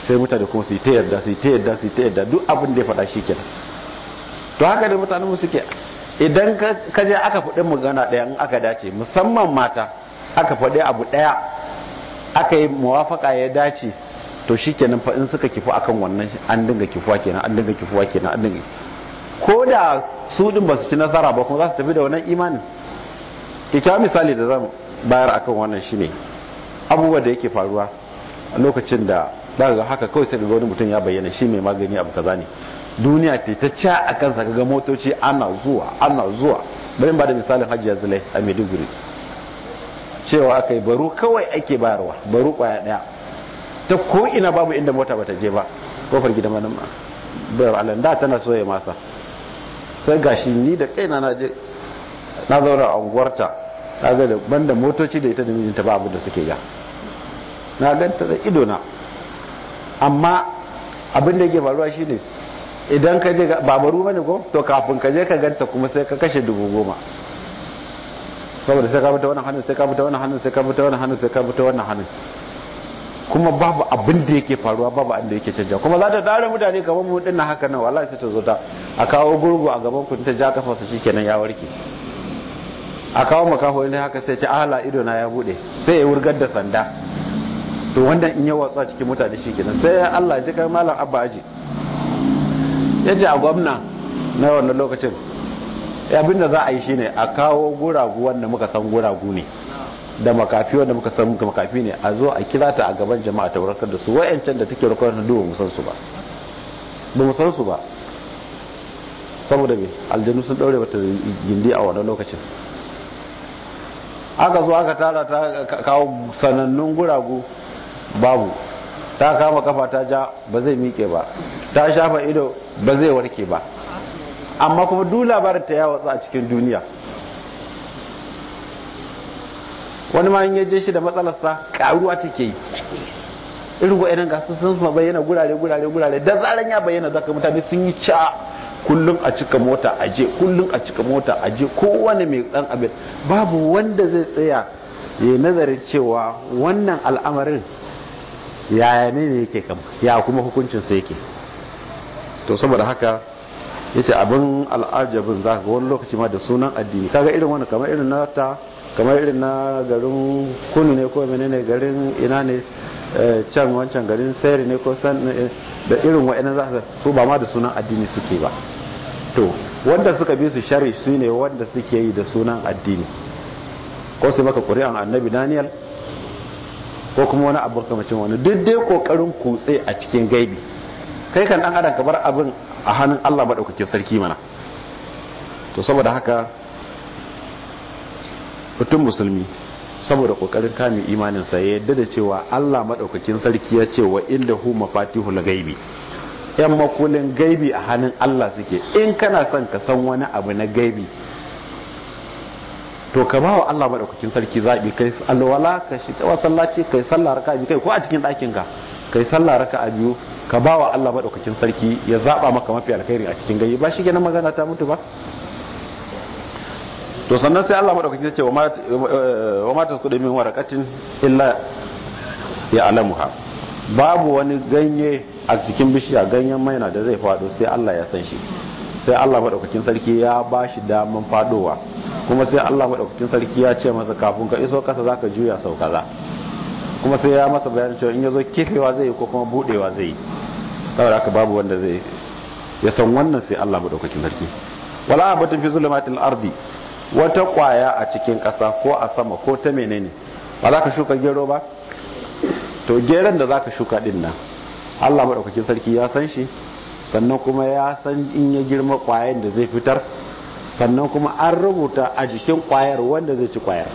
sai mutane kuma su yi ta yarda su yi ta yarda su yi ta yarda duk abin da ya faɗa shi kenan to haka da mutane mu suke idan ka je aka faɗi magana ɗaya in aka dace musamman mata aka faɗi abu ɗaya aka yi muwafaka ya dace to shikenan fa in suka kifu akan wannan an dinga kifuwa kenan an dinga kifuwa kenan an dinga ko da su din ba su ci nasara ba kuma za su tafi da wannan imanin kika misali da zan bayar akan wannan shine abubuwa da yake faruwa lokacin da daga haka kawai sai da wani mutum ya bayyana shi mai magani abu kaza ne duniya ta ta ca a kansa ga motoci ana zuwa ana zuwa bari ba da misalin hajji ya zile a maiduguri cewa aka yi baro kawai ake bayarwa baro kwaya daya ta ko babu inda mota bata je ba kofar gidan manan ma bayar alan da tana soya masa sai gashi ni da kaina na je na zauna a unguwarta ta ga banda motoci da ita da mijinta ba abu da suke ya na ganta da idona amma abin da yake faruwa shine idan ka je babaru bane ko to kafin ka je ka ganta kuma sai ka kashe dubu goma saboda sai ka fita wannan hannun sai ka fita wannan hannun sai ka fita wannan hannun sai ka fita wannan hannun kuma babu abin da yake faruwa babu abin da yake canja kuma za ta tare mutane kamar mu dinnan haka nan wallahi sai ta zo ta a kawo gurgu a gaban ku ta ja kafa su shikenan ya warke a kawo makaho ne haka sai ce ah, ala ido na ya bude sai ya wurgar da sanda to wannan in ya watsa cikin mutane shikenan sai Allah ji kai malam abba aji ya ce a gwamna na wannan lokacin abinda za a yi shine a kawo guragu wanda muka san guragu ne da makafi wanda muka san makafi ne a zo a kira ta a gaban jama'a ta warkar da su wayancan da take warkar da duwa musan su ba ba musan su ba saboda me aljanu sun daure bata gindi a wannan lokacin aka zo aka tara ta kawo sanannun guragu babu ta kama kafa ta ja ba zai miƙe ba ta shafa ido ba zai warke ba amma kuma duk labarin ta ya a cikin duniya wani ma ya je shi da matsalarsa karuwa take yi irin wa'inan gasu sun ma bayyana gurare gurare gurare da zaran ya bayyana zaka mutane sun yi ca kullum a cika mota a je kullum a cika mota a je kowane mai dan abin babu wanda zai tsaya ya nazari cewa wannan al'amarin yaya ne yake kama ya kuma hukuncinsa yake to saboda haka ce abin al'ajabin za ga wani lokaci ma da sunan addini kaga irin wani kamar irin nata kamar irin na garin kunu ne ko ne garin ina ne eh, can wancan garin sayari ne ko san eh, da irin wa'annan za su ba ma da sunan addini suke ba to wanda suka bi su shari su ne wanda suke yi da sunan addini ko su maka ƙuri'an annabi daniel ko kuma wani abu kamacin wani duk dai kokarin kutse a cikin gaibi kai kan dan adam ka bar abin a hannun Allah maɗaukakin sarki mana to saboda haka mutum musulmi saboda kokarin kame imanin sa ya yadda da cewa Allah madaukakin sarki ya ce wa inda hu mafatihul gaibi yan makulin gaibi a hannun Allah suke in kana son ka san wani abu na gaibi to ka ba wa Allah maɗaukakin sarki zaɓi kai alwala ka shiga wasallaci kai sallah raka biyu kai ko a cikin ɗakin ka kai sallah a biyu ka ba wa Allah maɗaukacin sarki ya zaɓa maka mafi alkhairi a cikin gayi ba shi ganin magana ta mutu ba to sannan sai Allah maɗaukacin ya ce wa mata su min warakatin illa ya alamuha babu wani ganye a cikin bishiya ganyen maina da zai faɗo sai Allah ya san shi sai Allah maɗaukacin sarki ya ba shi daman faɗowa kuma sai Allah maɗaukacin sarki ya ce masa kafin ka iso kasa zaka juya sau kaza kuma sai ya masa bayan cewa in ya zo kefewa zai yi ko kuma budewa zai yi saboda haka babu wanda zai ya san wannan sai Allah madaukakin sarki wala abatin fi zulumatil ardi wata kwaya a cikin kasa ko a sama ko ta menene ba za ka shuka gero ba to geron da za ka shuka din nan Allah madaukakin sarki ya san shi sannan kuma ya san in ya girma kwayan da zai fitar sannan kuma an rubuta a jikin kwayar wanda zai ci kwayar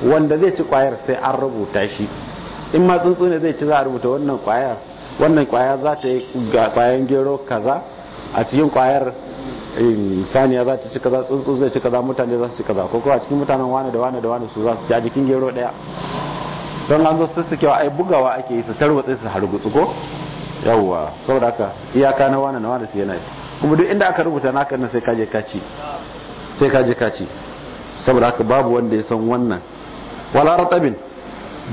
wanda zai ci kwayar sai an rubuta shi in ma tsuntsu ne zai ci za a rubuta wannan kwayar wannan kwaya za ta yi kwayan gero kaza a cikin kwayar saniya za ta ci kaza tsuntsu zai ci kaza mutane za su ci kaza ko kuma a cikin mutanen wane da wane da wane su za su ci a jikin gero daya don an zo kewa ai bugawa ake yi su tarwatse su hargutsu ko yawwa saboda haka iyaka na wane na wane su yana kuma duk inda aka rubuta naka na sai kaje kaci sai kaje kaci saboda haka babu wanda ya san wannan wala ratabin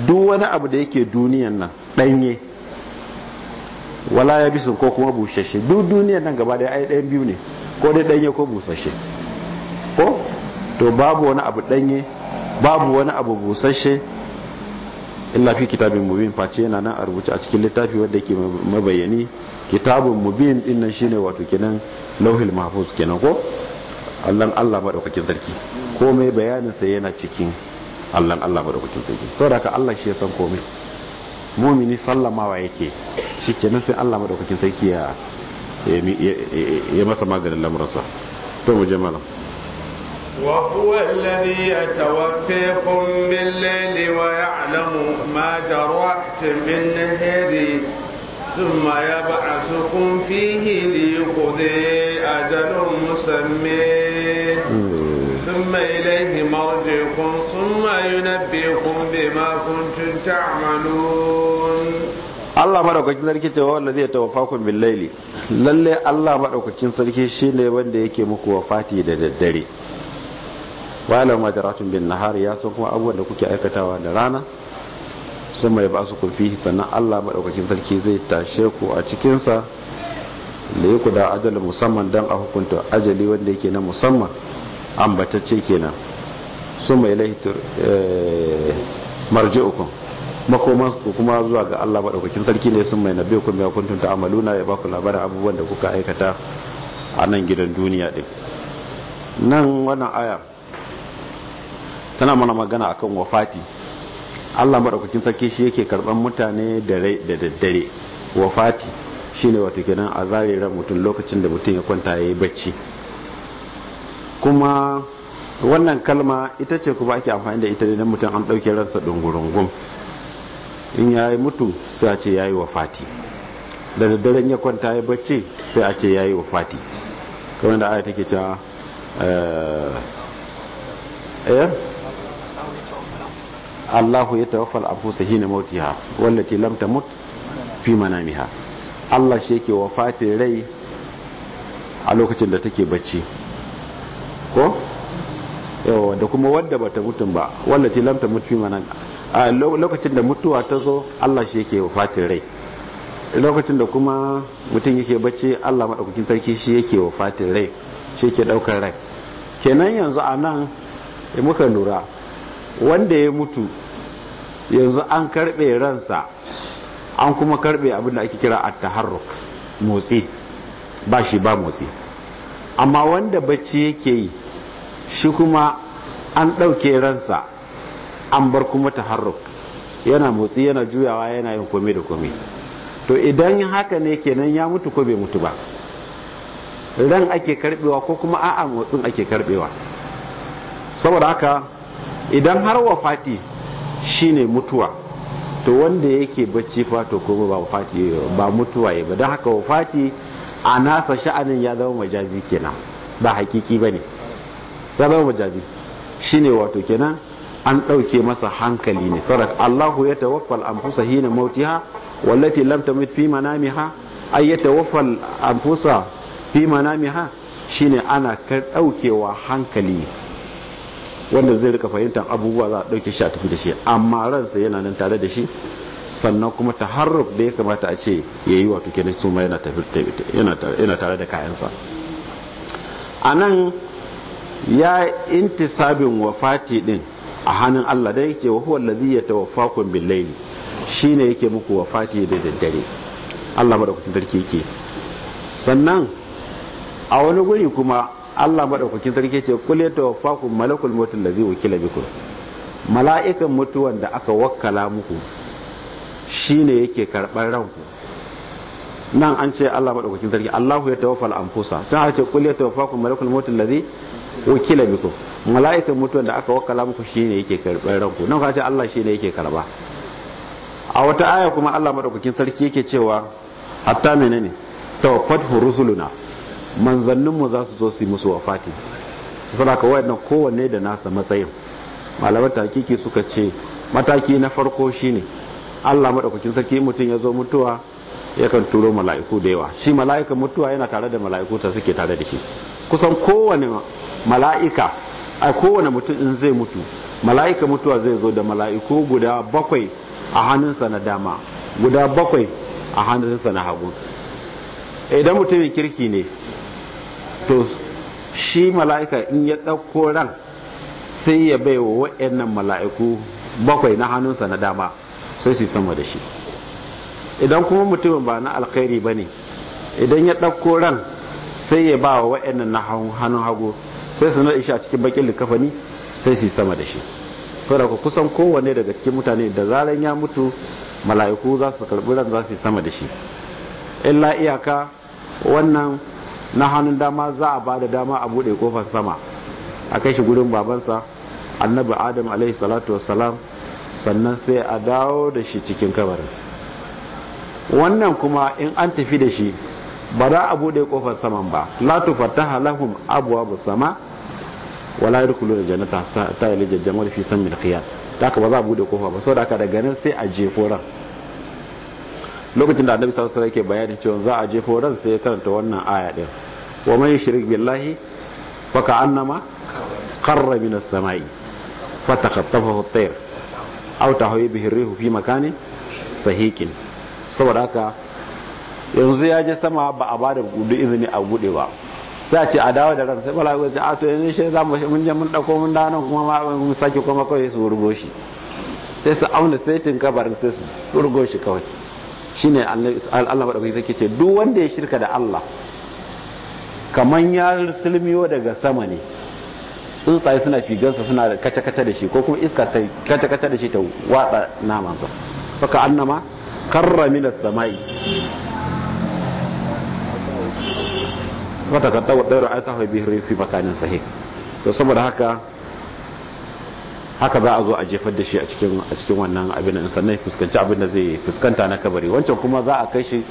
duk wani abu da yake duniyan nan danye wala ya bisu ko kuma busasshe duk duniyar nan gaba da ai ɗayan biyu ne ko dai ɗanye ko busashe ko to babu wani abu ɗanye babu wani abu busashe illa fi kitabin mubin face yana nan a rubuce a cikin littafi wanda ke mabayani kitabun mubin din nan shine wato kenan lauhil mahfuz kenan ko Allah Allah madaukakin sarki komai bayanin sa yana cikin Allah Allah madaukakin sarki saboda ka Allah shi ya san komai mumini sallamawa yake shi ke nan sai allama da kwakin sarki ya masa maganin lamurarsa to mu je mara wa kuwa lalari ya tawafe kun mille ne alamu ma ruwa cikin nahiri sun ma ba a sukun fi hili kudai a janar musamman ثم إليه مرجعكم ثم ينبئكم بما كنتم تعملون Allah madaukakin sarki ta wanda zai tawafakum bil laili lalle Allah madaukakin sarki shine wanda yake muku wafati da daddare wala madaratun bin nahar ya san kuma abubuwan da kuke aikatawa da rana sun mai ba su kufi sannan Allah maɗaukakin sarki zai tashe ku a cikinsa da ya da ajali musamman dan a hukunta ajali wanda yake na musamman ambatacce kenan su mai laitar eh, marji'ukun makoman ku kuma zuwa ga Allah maɗaukakin sarki ne sun mai nabe ku ya kuntun ta amaluna ya baku labarin abubuwan da kuka aikata a nan gidan duniya ɗin nan wannan aya tana mana magana akan wafati Allah maɗaukakin sarki shi yake karɓar mutane da rai da daddare wafati shine wato kenan a zare ran mutum lokacin da mutum ya kwanta ya yi bacci kuma wannan kalma ita ce kuma ake amfani da ita idan mutum an ɗauke ransa ɗungurungun in ya yi mutu sai a ce ya yi wa fati da daddaren ya kwanta ya bacci sai a ce ya yi wa fati kamar da aya take cewa ayar eh, eh, allahu ya tawafal mauti ha mautiha wallace lamta mut fi manamiha allah shi yake wa rai a lokacin da take bacci ko yawa da kuma wadda ba ta mutum ba wadda ce lamta mutu mana a lokacin da mutuwa ta zo Allah shi yake wafatin rai lokacin da kuma mutum yake bacci Allah madaukakin sarki shi yake wafatin rai shi yake ɗaukar rai kenan yanzu a nan muka lura wanda ya mutu yanzu an karɓe ransa an kuma karɓe abin da ake kira a taharruk motsi ba shi ba motsi amma wanda bacci yake yi shi kuma an ɗauke ransa an bar kuma taharruk yana motsi yana juyawa yana yin kome da kome to idan haka ne kenan ya mutu ko bai mutu ba ran ake karbewa ko kuma a'a motsin ake karbewa saboda haka idan har wafati shine mutuwa to wanda yake bacci fato kuma ba wafati ba mutuwa ya ba don haka wafati a nasa sha'anin ya zama majazi kenan ba hakiki ba ne ya zama majazi shine wato kenan an ɗauke masa hankali ne sarat Allahu ya tawaffal anfusa hina mautiha wallati lam tamut fi manamiha ay ya tawaffal anfusa fi manamiha shine ana kar ɗaukewa hankali ne. wanda zai rika fahimtar abubuwa za a ɗauke shi a tafi da shi amma ransa yana nan tare da shi sannan kuma taharruk da ya kamata a ce ya yi wato kenan su ma yana tare da kayansa a nan ya intisabin wafati din a hannun Allah da yake wa huwa allazi yatawaffakum bil layl shine yake muku wafati da daddare Allah madaukakin sarki yake sannan a wani guri kuma Allah madaukakin sarki yake kul yatawaffakum malakul maut allazi wukila bikum mala'ikan mutuwan da aka wakkala muku shine yake karban ranku nan an ce Allah madaukakin sarki Allahu ya tawaffal anfusa sai ake kul yatawaffakum malakul maut allazi wakila biku mala'ikan mutuwan da aka wakala muku shine yake karban ranku nan ka ce Allah shine yake karba a wata aya kuma Allah madaukakin sarki yake cewa hatta menene tawaffat rusuluna manzannin mu za su zo su yi musu wafati saboda wayannan kowanne da nasa matsayin malaman hakiki suka ce mataki na farko shine Allah madaukakin sarki mutum ya zo mutuwa yakan turo mala'iku da yawa shi mala'ikan mutuwa yana tare da mala'iku ta suke tare da shi kusan kowane mala'ika a kowane mutum in zai mutu mala'ika mutuwa zai zo da mala'iku guda bakwai a hannunsa na dama guda bakwai a hannunsa na hagu idan mutumin kirki ne to shi mala'ika in ya ɗauko ran sai ya bai wa nan mala'iku bakwai na hannunsa na dama sai su sama da shi idan kuma mutumin ba na alkhairi ba ne idan ya ɗauko ran sai ya ba wa nan na hannun hagu sai su nuna a cikin bakin likafani sai su sama da shi kada kusan kowane daga cikin mutane da zaran ya mutu mala'iku za su karɓi ran za su sama da shi illa iyaka wannan na hannun dama za a ba da dama a bude kofar sama a kai shi gurin babansa annabi adam alaihi salatu wassalam sannan sai a dawo da shi cikin kabarin wannan kuma in an tafi da shi ba za a bude kofar saman ba la tufattaha lahum abwabu sama wala yadkhuluna jannata ta yalija jamal fi sammi al-khiyat ba za a bude kofa ba saboda haka daga nan sai a jefo ran lokacin da annabi sallallahu alaihi wasallam yake bayani cewa za a jefo ran sai ya karanta wannan aya din wa man yushrik billahi fa ka'annama qarra min as-sama'i fa taqattafahu at-tayr aw tahwi bihi ar-rihu fi makanin sahiqin saboda haka yanzu ya je sama ba a bada gudu izini a bude ba za a ce a dawo da ran sai bala ya ce a to yanzu shi za mu mun je mun dauko mun dawo kuma ma mun saki kuma kawai su wurgo shi sai su auna saitin kabarin sai su wurgo shi kawai shine Allah madaukaki sai ce duk wanda ya shirka da Allah kaman ya sulmiyo daga sama ne tsuntsaye suna figansa suna kace-kace da shi ko kuma iska ta kace-kace da shi ta watsa namansa baka annama karra minas sama'i fata ka tawa ɗaura ta tawa bihir makanin sahi to saboda haka haka za a zo a jefar da shi a cikin a cikin wannan abin nan sannan fuskanci abin da zai fuskanta na kabari wancan kuma za a kai shi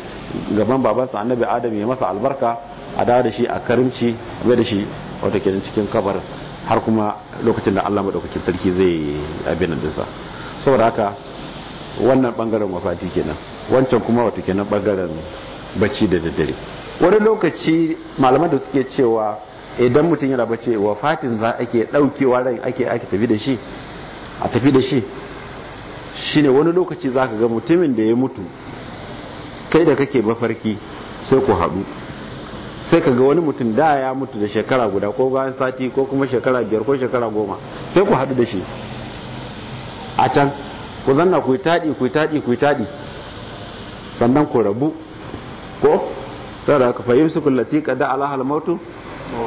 gaban babansa annabi adam ya masa albarka a dawo da shi a karimci bai da shi wato kenan cikin kabar har kuma lokacin da Allah madaukakin sarki zai abin nan dinsa saboda haka wannan bangaren wafati kenan wancan kuma wato kenan bangaren bacci da daddare wani lokaci malaman da suke cewa idan mutum yana bace wa fatin za ake daukewa rai ake ake tafi da shi a tafi da shi shine wani lokaci za ka ga mutumin da ya mutu kai da kake mafarki sai ku haɗu sai ka ga wani mutum da ya mutu da shekara guda ko bayan sati ko kuma shekara biyar ko shekara goma sai ku haɗu da shi a can ku zanna ku yi taɗi ku yi taɗi ku yi taɗi sannan ku rabu ko saboda haka fahim su kullati qada alaha al-mautu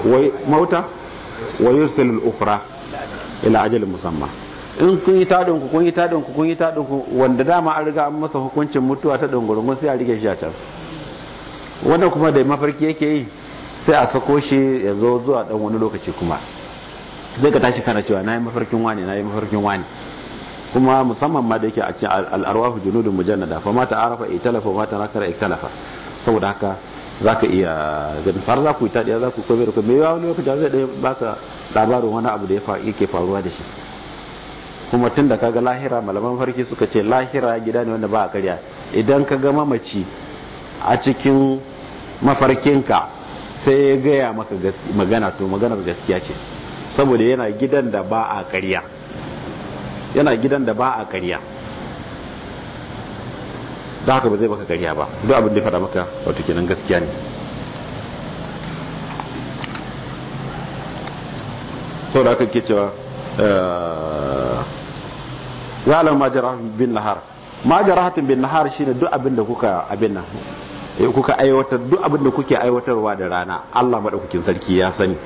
wai mauta wa yursilu al-ukhra ila ajalin musamma in kun yi tadin ku kun yi tadin ku kun yi tadin ku wanda dama an riga an masa hukuncin mutuwa ta dungurungun sai a rike shi a can wannan kuma da mafarki yake yi sai a sako shi ya zo zuwa dan wani lokaci kuma zai ka tashi kana cewa nayi mafarkin wani nayi mafarkin wani kuma musamman ma da yake a cikin al-arwahu junudun mujannada fa ma ta'arafa italafa mata tanakara italafa saboda haka za ka iya ganin har za ku yi taɗiya za ku kome da kome yawon wani zai ɗaya baka labarin wani abu da ya ke faruwa da shi kuma tun da kaga lahira malaman farki suka ce lahira gida ne wanda ba a karya idan ka ga mamaci a cikin mafarkinka sai ya gaya maka magana to maganar gaskiya ce saboda yana gidan da ba yana gidan da ba a karya da haka ba zai baka karya ba duk abin da ya faɗa maka wato kenan gaskiya ne to da aka ke cewa eh, ya alam majara bin nahar majara bin nahar shine duk abin da kuka abin nan eh, kuka aiwatar duk abin da kuke aiwatarwa da rana Allah madaukakin sarki ya sani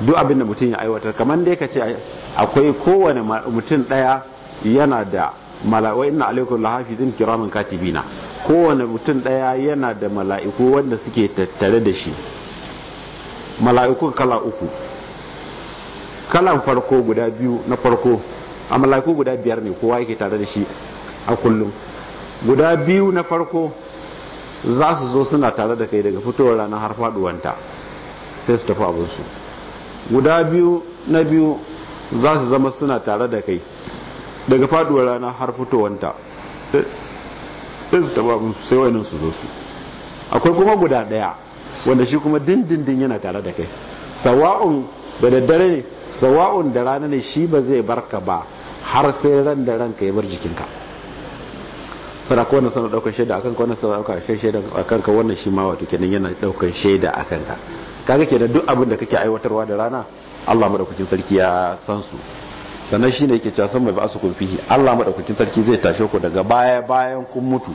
duk abin da mutum ya aiwatar kamar dai ka ce akwai kowane mutum daya yana da mala'iku inna alaikum lahafizin kiramin katibina kowane mutum daya yana da mala'iku wanda suke tattare da shi mala'iku kala uku kalan farko guda biyu na farko a mala'iku guda biyar ne kowa yake tare da shi a kullum guda biyu na farko za su zo suna tare da kai daga fitowar ranar har faduwanta sai su tafi abinsu guda biyu na biyu za su zama suna tare da kai daga faduwar rana har fitowanta eh, sai su taba sai wani su zo su akwai kuma guda daya wanda shi kuma dindindin yana tare da kai sawa'un da daddare ne sawa'un da rana ne shi ba zai barka ba har sai ran da ranka ya bar jikinka sana kowane wannan sana daukar shaida akan ka wannan sana daukar shaida akan ka wannan shi ma wato kenan yana daukar shaida akan ka kaga kenan duk abin da kake aiwatarwa da rana Allah madaukakin sarki ya san su sannan shine yake cewa san mai ba su kun fihi Allah madaukakin sarki zai tashe ku daga baya bayan kun mutu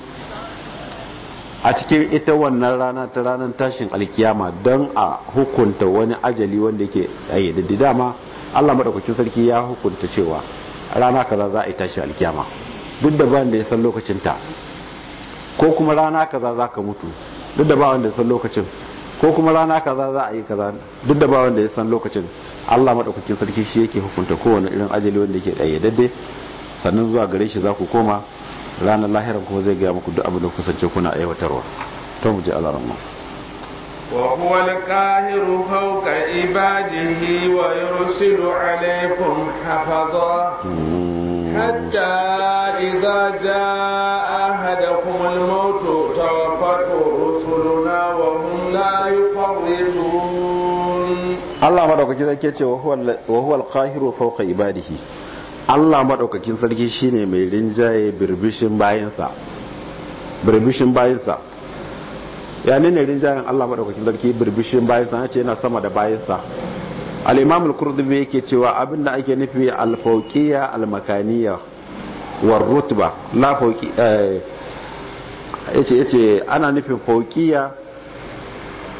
a cikin ita wannan rana ta ranar tashin alkiyama don a hukunta wani ajali wanda yake ayyadaddi dama Allah madaukakin sarki ya hukunta cewa rana kaza za a yi tashin alkiyama duk da bayan da ya san lokacin ta ko kuma rana kaza za ka mutu duk da bayan da ya san lokacin ko kuma rana kaza za a yi kaza duk da bayan da ya san lokacin Allah madaukakin sarki shi yake hukunta kowane irin ajali wanda yake kayyadadde sannan zuwa gare shi za ku koma ranar lahirar kuma zai gaya muku duk abin da kusance kuna aiwatarwa to mu je alarma وهو القاهر فوق عباده ويرسل عليكم حفظا حتى إذا جاء أحدكم الموت Allah madaukakin sarki ce wa huwal qahiru fawqa ibadihi Allah madaukakin sarki shine mai rinjaye birbishin bayansa birbishin bayansa ya ne rinjayen Allah madaukakin sarki birbishin bayansa ya ce yana sama da bayansa al-imam al-qurdubi yake cewa abinda ake nufi al-fawqiyya al-makaniyya war rutba la fawqi eh, yace yace ana nufin fawqiyya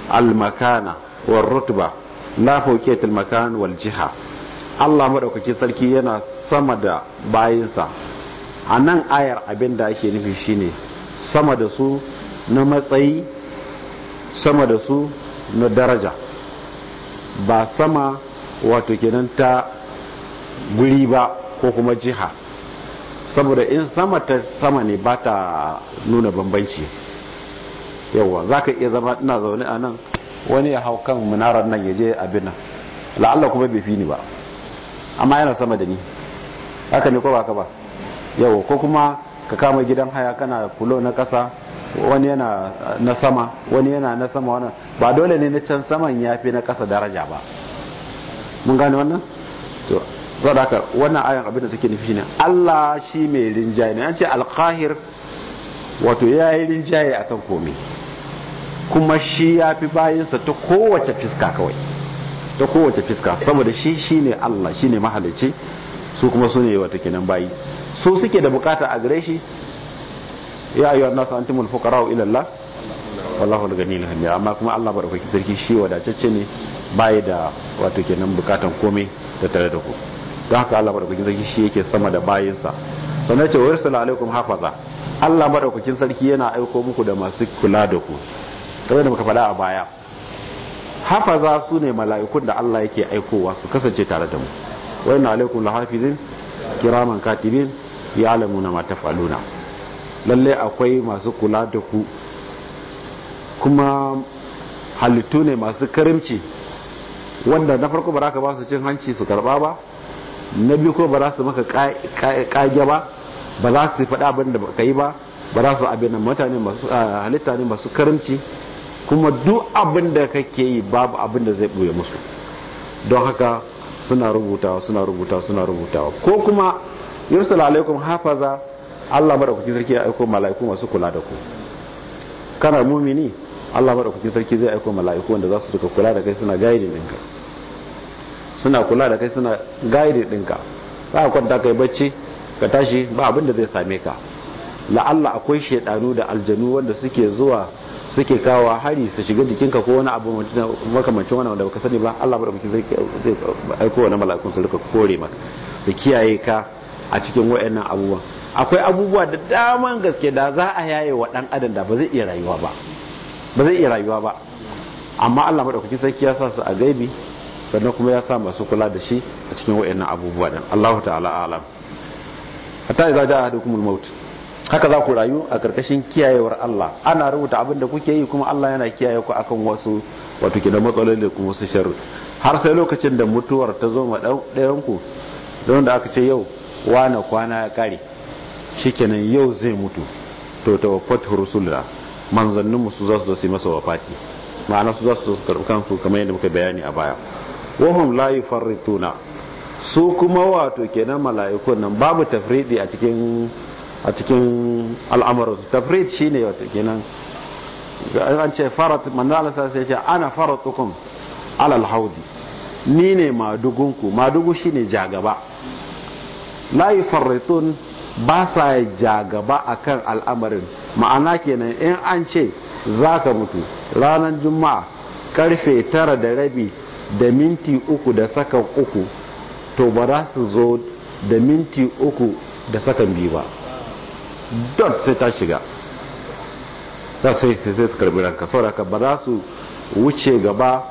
al-makana war rutba na fawqiyatul makan wal jiha Allah madaukaki sarki yana sama da bayinsa a nan ayar abin da ake nufi shine sama da su na matsayi sama da su na daraja ba sama wato kenan ta guri ba ko kuma jiha saboda in sama ta sama ne ba ta nuna bambanci yawa za ka iya zama ina zaune a nan wani ya hau kan munarar nan ya je abin nan la'alla kuma bai fi ni ba amma yana sama da ni haka ne ko ba ka ba yau ko kuma ka kama gidan haya kana kulo na kasa wani yana na sama wani yana na sama wani ba dole ne na can saman ya fi na kasa daraja ba mun gane wannan to saboda wannan ayan abin da take nufi ne Allah shi mai rinjaye ne an ce alkahir wato yayi rinjaye akan komai kuma shi ya fi bayansa ta kowace fiska kawai ta kowace fiska saboda shi shi ne Allah shi ne mahalicci su kuma su ne wata kenan bayi su suke da bukata a gare shi ya ayyuhan nasu antumul fuqara'u wa Allah wallahu al-ghaniyyul hamid amma kuma Allah barkake sarki shi wadatacce ne baya da wato kenan bukatan komai da tare da ku don haka Allah madaukakin sarki shi yake sama da bayinsa sannan ce wa yursala alaikum hafaza Allah madaukakin sarki yana aiko muku da masu kula da ku kamar da muka fada a baya hafaza su ne mala'ikun da Allah yake aikowa su kasance tare da mu wa inna alaikum lahafizin kiraman katibin ya'lamuna ma taf'aluna lalle akwai masu kula da ku kuma halittu ne masu karimci wanda na farko ba za ka ba su cin hanci su karba ba na biyu ko ba za su maka kage ba ba za su faɗa abin da ka yi ba ba za su abin da ah, halitta ne masu karimci kuma duk abin da kake yi babu abin da zai ɓoye musu don haka suna rubutawa suna rubutawa suna rubutawa ko kuma yursal alaikum hafaza Allah kuki sarki ya aiko mala'iku masu kula da ku kana mumini Allah kuki sarki zai aiko mala'iku wanda za su rika kula da kai suna gaidi ɗinka suna kula da kai suna gaidi ɗinka za a kwanta kai bacci ka tashi ba abin da zai same ka la'alla akwai shaidanu da aljanu wanda suke zuwa suke kawo hari su shiga jikinka ko wani abu makamancin wani wanda baka sani ba Allah madaukakin miki zai aiko wani mala'ikun su rika kore maka su kiyaye ka a cikin wayannan abubuwa akwai abubuwa da daman gaske da za a yaye wa dan adam da ba zai iya rayuwa ba ba zai iya rayuwa ba amma Allah madaukakin sai ya sa su a gaibi sannan kuma ya sa masu kula da shi a cikin wayannan abubuwa dan Allah ta'ala alam hatta idza ja'a hadukumul maut haka za ku rayu a karkashin kiyayewar Allah ana rubuta abin da kuke yi kuma Allah yana kiyaye ku akan wasu wato kidan matsaloli kuma wasu sharri har sai lokacin da mutuwar ta zo ma ɗayan ku don da aka ce yau wana kwana ya kare shikenan yau zai mutu to ta wafat rusulna manzannin musu za su yi masa wafati ma'ana su za su karɓi kansu kamar yadda muka bayani a baya wahum la yufarrituna su kuma wato kenan mala'ikun nan babu tafridi a cikin a cikin al'amuransu tafrid ne wata kenan an ce farat manzo sai ce ana tukun alal haudi ni ne madugunku madugu shine jagaba layi yufarritun ba sa jagaba kan al'amarin ma'ana kenan in an ce za ka mutu ranar juma'a karfe tara da rabi da minti uku da sakan uku to ba za su zo da minti uku da sakan biyu ba dot sai ta shiga za sai sai su karbi ranka ka ba za su wuce gaba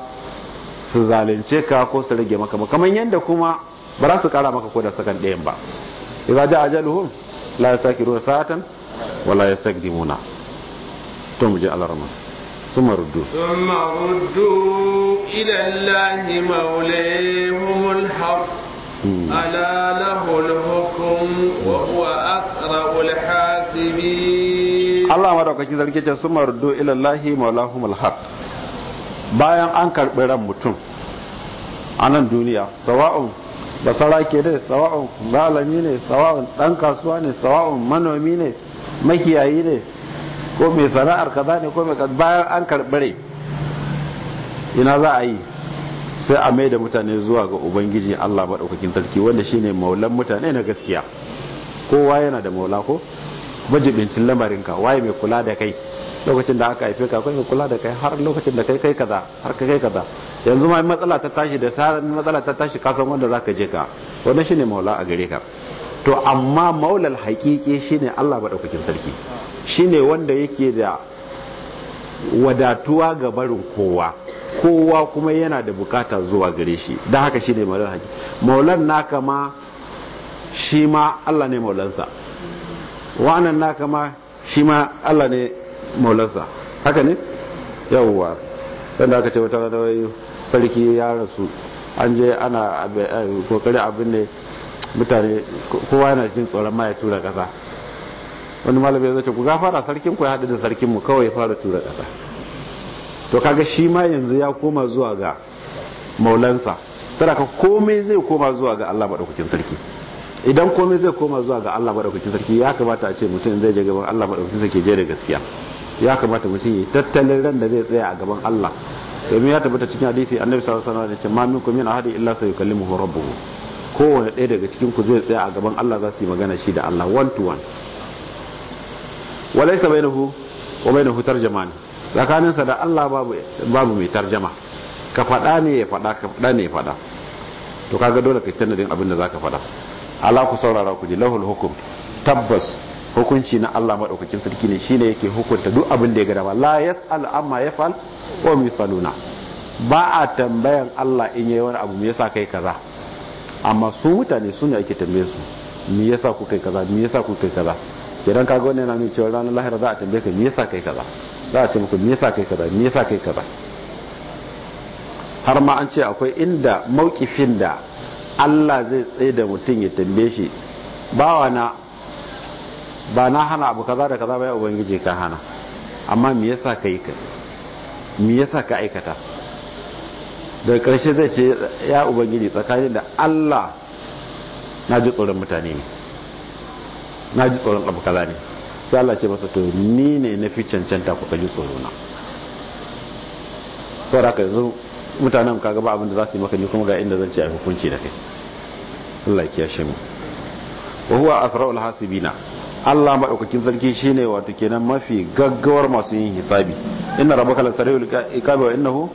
su zalunce ka ko su rage maka kamar yadda kuma ba za su kara maka ko da sakan ɗayan ba idza ja ajaluhum la yastakiruna sa'atan wala yastakdimuna to mu je alarma ثم ردوا ثم ردوا إلى الله مولاهم الحق Hmm. ألا له الحكم وهو أسرع الحاسبين الله ما دوكا kin zargi can sumar do ilallahi maulahum alhaq bayan an karbi ran mutum a nan duniya sawa'un basara ke ne sawa'un malami ne sawa'un ɗan kasuwa ne sawa'un manomi ne makiyayi ne ko mai sana'ar kaza ne ko mai bayan an karbi ina za a yi sai a mai da mutane zuwa ga ubangiji Allah maɗaukakin sarki wanda shine maulan mutane na gaskiya kowa yana da maula ko majibincin lamarinka waye mai kula da kai lokacin da aka haife ka kai mai kula da kai har lokacin da kai kai kaza har ka kai kaza yanzu ma matsala ta tashi da sarar matsala ta tashi ka san wanda zaka je ka wannan shine maula a gare ka to amma maulal haƙiƙi shine Allah maɗaukakin sarki shine wanda yake da wadatuwa ga barin kowa kowa kuma yana da bukata zuwa gare shi don haka shi ne maulan haƙi maulan na kama shi ma allah ne maulansa wa'anan na kama shi ma allah ne maulansa haka ne yawwa wanda aka ce wata rana sarki ya rasu an je ana eh, kokari abin ne mutane kowa yana jin tsoron ma ya tura kasa wani malami ya zace ku gafara sarkin ku ya haɗu da sarkin mu kawai ya fara tura ƙasa to kaga shi ma yanzu ya koma zuwa ga maulansa tara ka komai zai koma zuwa ga Allah maɗaukakin sarki idan komai zai koma zuwa ga Allah maɗaukakin sarki ya kamata a ce mutum zai je gaban Allah maɗaukakin sarki je da gaskiya ya kamata mutum yi tattalin ran da zai tsaya a gaban Allah domin ya tabbata cikin hadisi annabi sallallahu alaihi wasallam ce ma minkum min ahadin illa sayukallimuhu rabbuhu kowane ɗaya daga cikin ku zai tsaya a gaban Allah za su yi magana shi da Allah one to one walaysa bainahu wa bainahu tsakanin sa da Allah babu babu mai tarjama ka fada ne ya fada ka fada ne ya fada to kaga dole ka tana din abin da zaka fada ala ku saurara ku ji lahul hukum tabbas hukunci na Allah madaukakin sarki ne shine yake hukunta duk abin da ya ga ba la yas'al amma yaf'al wa misaluna ba a tambayan Allah in yayi wani abu me yasa kai kaza amma su mutane suna ne ake tambaye su me yasa ku kai kaza me yasa ku kai kaza idan kaga wannan yana nuna cewa ranar lahira za a tambaye ka nisa kai kaza za a ce muku nisa kai kaza me kai kaza har ma an ce akwai inda mawkifin da Allah zai tsaye da mutum ya tambaye shi bawa na ba na hana abu kaza da kaza ba ya ubangiji ka hana amma me yasa kai ka me yasa ka aikata daga karshe zai ce ya ubangiji tsakanin da Allah na ji tsoron mutane ne na ji tsoron abu kaza ne sai Allah ce masa to ni ne na fi cancanta ku ka ji tsoro na saboda ka yanzu mutanen ka gaba abin da za su yi maka ni kuma ga inda zan ce a hukunci da kai Allah ya shi mu wa huwa asra'ul hasibina Allah maɗaukakin sarki shine wato kenan mafi gaggawar masu yin hisabi inna rabbaka lasari'ul iqabi wa innahu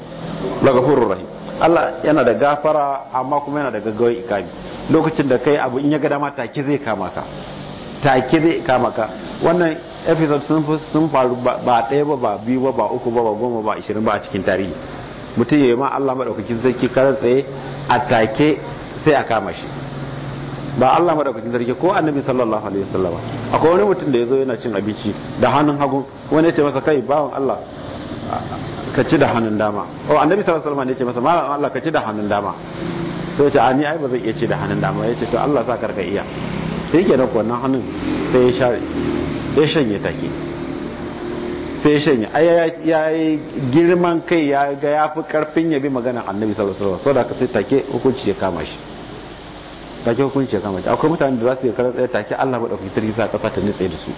laghafurur rahim Allah yana da gafara amma kuma yana da gaggawar ikabi lokacin da kai abu in ya ga dama take zai kama ka take zai kama ka wannan episode sun faru ba ɗaya ba ba biyu ba ba uku ba ba goma ba ishirin ba a cikin tarihi mutum ya yi ma Allah madaukakin sarki karan tsaye a take sai a kama shi ba Allah madaukakin sarki ko annabi sallallahu alaihi wasallam akwai wani mutum da ya zo yana cin abinci da hannun hagu wani ya ce masa kai bawon Allah ka ci da hannun dama oh annabi sallallahu alaihi wasallam ne ya ce masa malam Allah ka ci da hannun dama sai ya ce a ni ai ba zai iya ci da hannun dama ya ce to Allah sa karka iya sai ke nan wannan hannun sai ya share ya shanye take sai ya shanye ya yi girman kai ya ga ya fi karfin yabi magana annabi sallallahu sau da sai take hukunci ya kama shi take hukunci ya kama shi akwai mutane da za su yi karar tsaye take Allah ba madaukaki sarki sa kasa ta nitsaye da su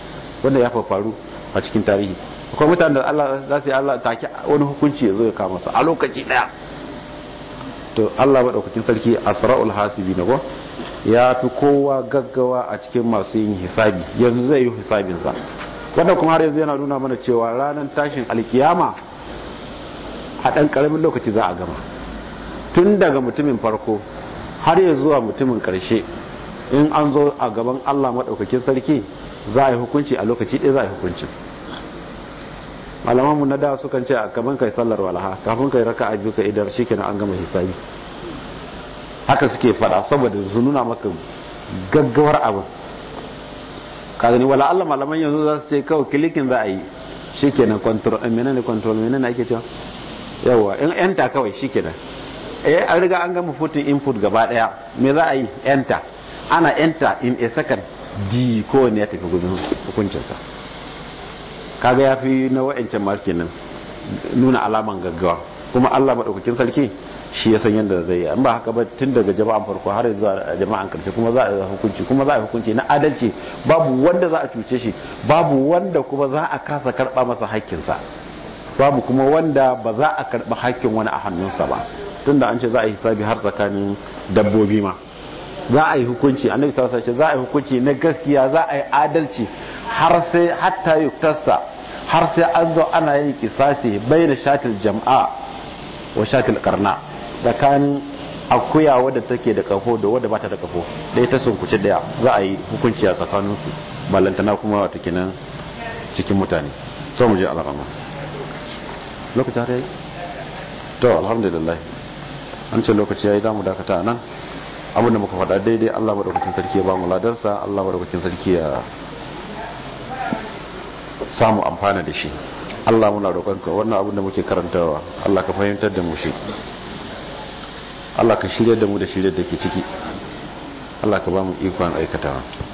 wanda ya faru a cikin tarihi akwai mutane da Allah za su yi Allah take wani hukunci ya zo ya kama su a lokaci daya to Allah ba madaukakin sarki asra'ul hasibi na ko ya fi kowa gaggawa a cikin masu yin hisabi yanzu zai yi hisabinsa wanda kuma har yanzu yana nuna mana cewa ranar tashin alkiyama a ɗan ƙaramin lokaci za a gama tun daga mutumin farko har ya zuwa mutumin ƙarshe in an zo a gaban allah maɗaukakin sarki za a yi hukunci a lokaci ɗaya za a yi hukunci malamanmu na da sukan ce a kaman kai sallar walaha kafin kai raka a biyu ka idar shi kenan an gama hisabi haka suke fada saboda su nuna maka gaggawar abin kazani wala Allah malaman yanzu za su ce kawai kilikin za a yi shikenan control eh, menene ne control menene ake cewa yawa in enter kawai shikenan eh an riga an gama putting input gaba daya me za a yi enter ana enter in a second d ko ne ya tafi gudun hukuncinsa kaga ya fi na wa'ancan markinin nuna alaman gaggawa kuma Allah maɗaukakin sarki shi ya san yadda zai yi an ba haka ba tun daga jama'an farko har yanzu a jama'an karshe kuma za a yi hukunci kuma za a hukunci na adalci babu wanda za a cuce shi babu wanda kuma za a kasa karba masa hakkinsa babu kuma wanda ba za a karba hakkin wani a hannunsa ba tunda an ce za a yi hisabi har tsakanin dabbobi ma za a yi hukunci annabi sallallahu ce za a yi hukunci na gaskiya za a yi adalci har sai hatta yuktarsa har sai an zo ana yin kisasi da shatil jama'a wa shatil karna tsakanin akuya wadda take da kafo da wadda bata da kafo dai ta kuce daya za a yi hukunci a tsakanin su ballantana kuma wato kenan cikin mutane so mu je alƙama lokaci har yayi to alhamdulillah an ce lokaci yayi zamu dakata nan abinda muka faɗa daidai Allah madaukakin sarki ya ba mu ladarsa Allah madaukakin sarki ya samu amfana da shi Allah muna roƙonka wannan abin da muke karantawa Allah ka fahimtar da mu shi Allah ka shirya da mu da shirya da ke ciki Allah ka ba mu ikon aikatawa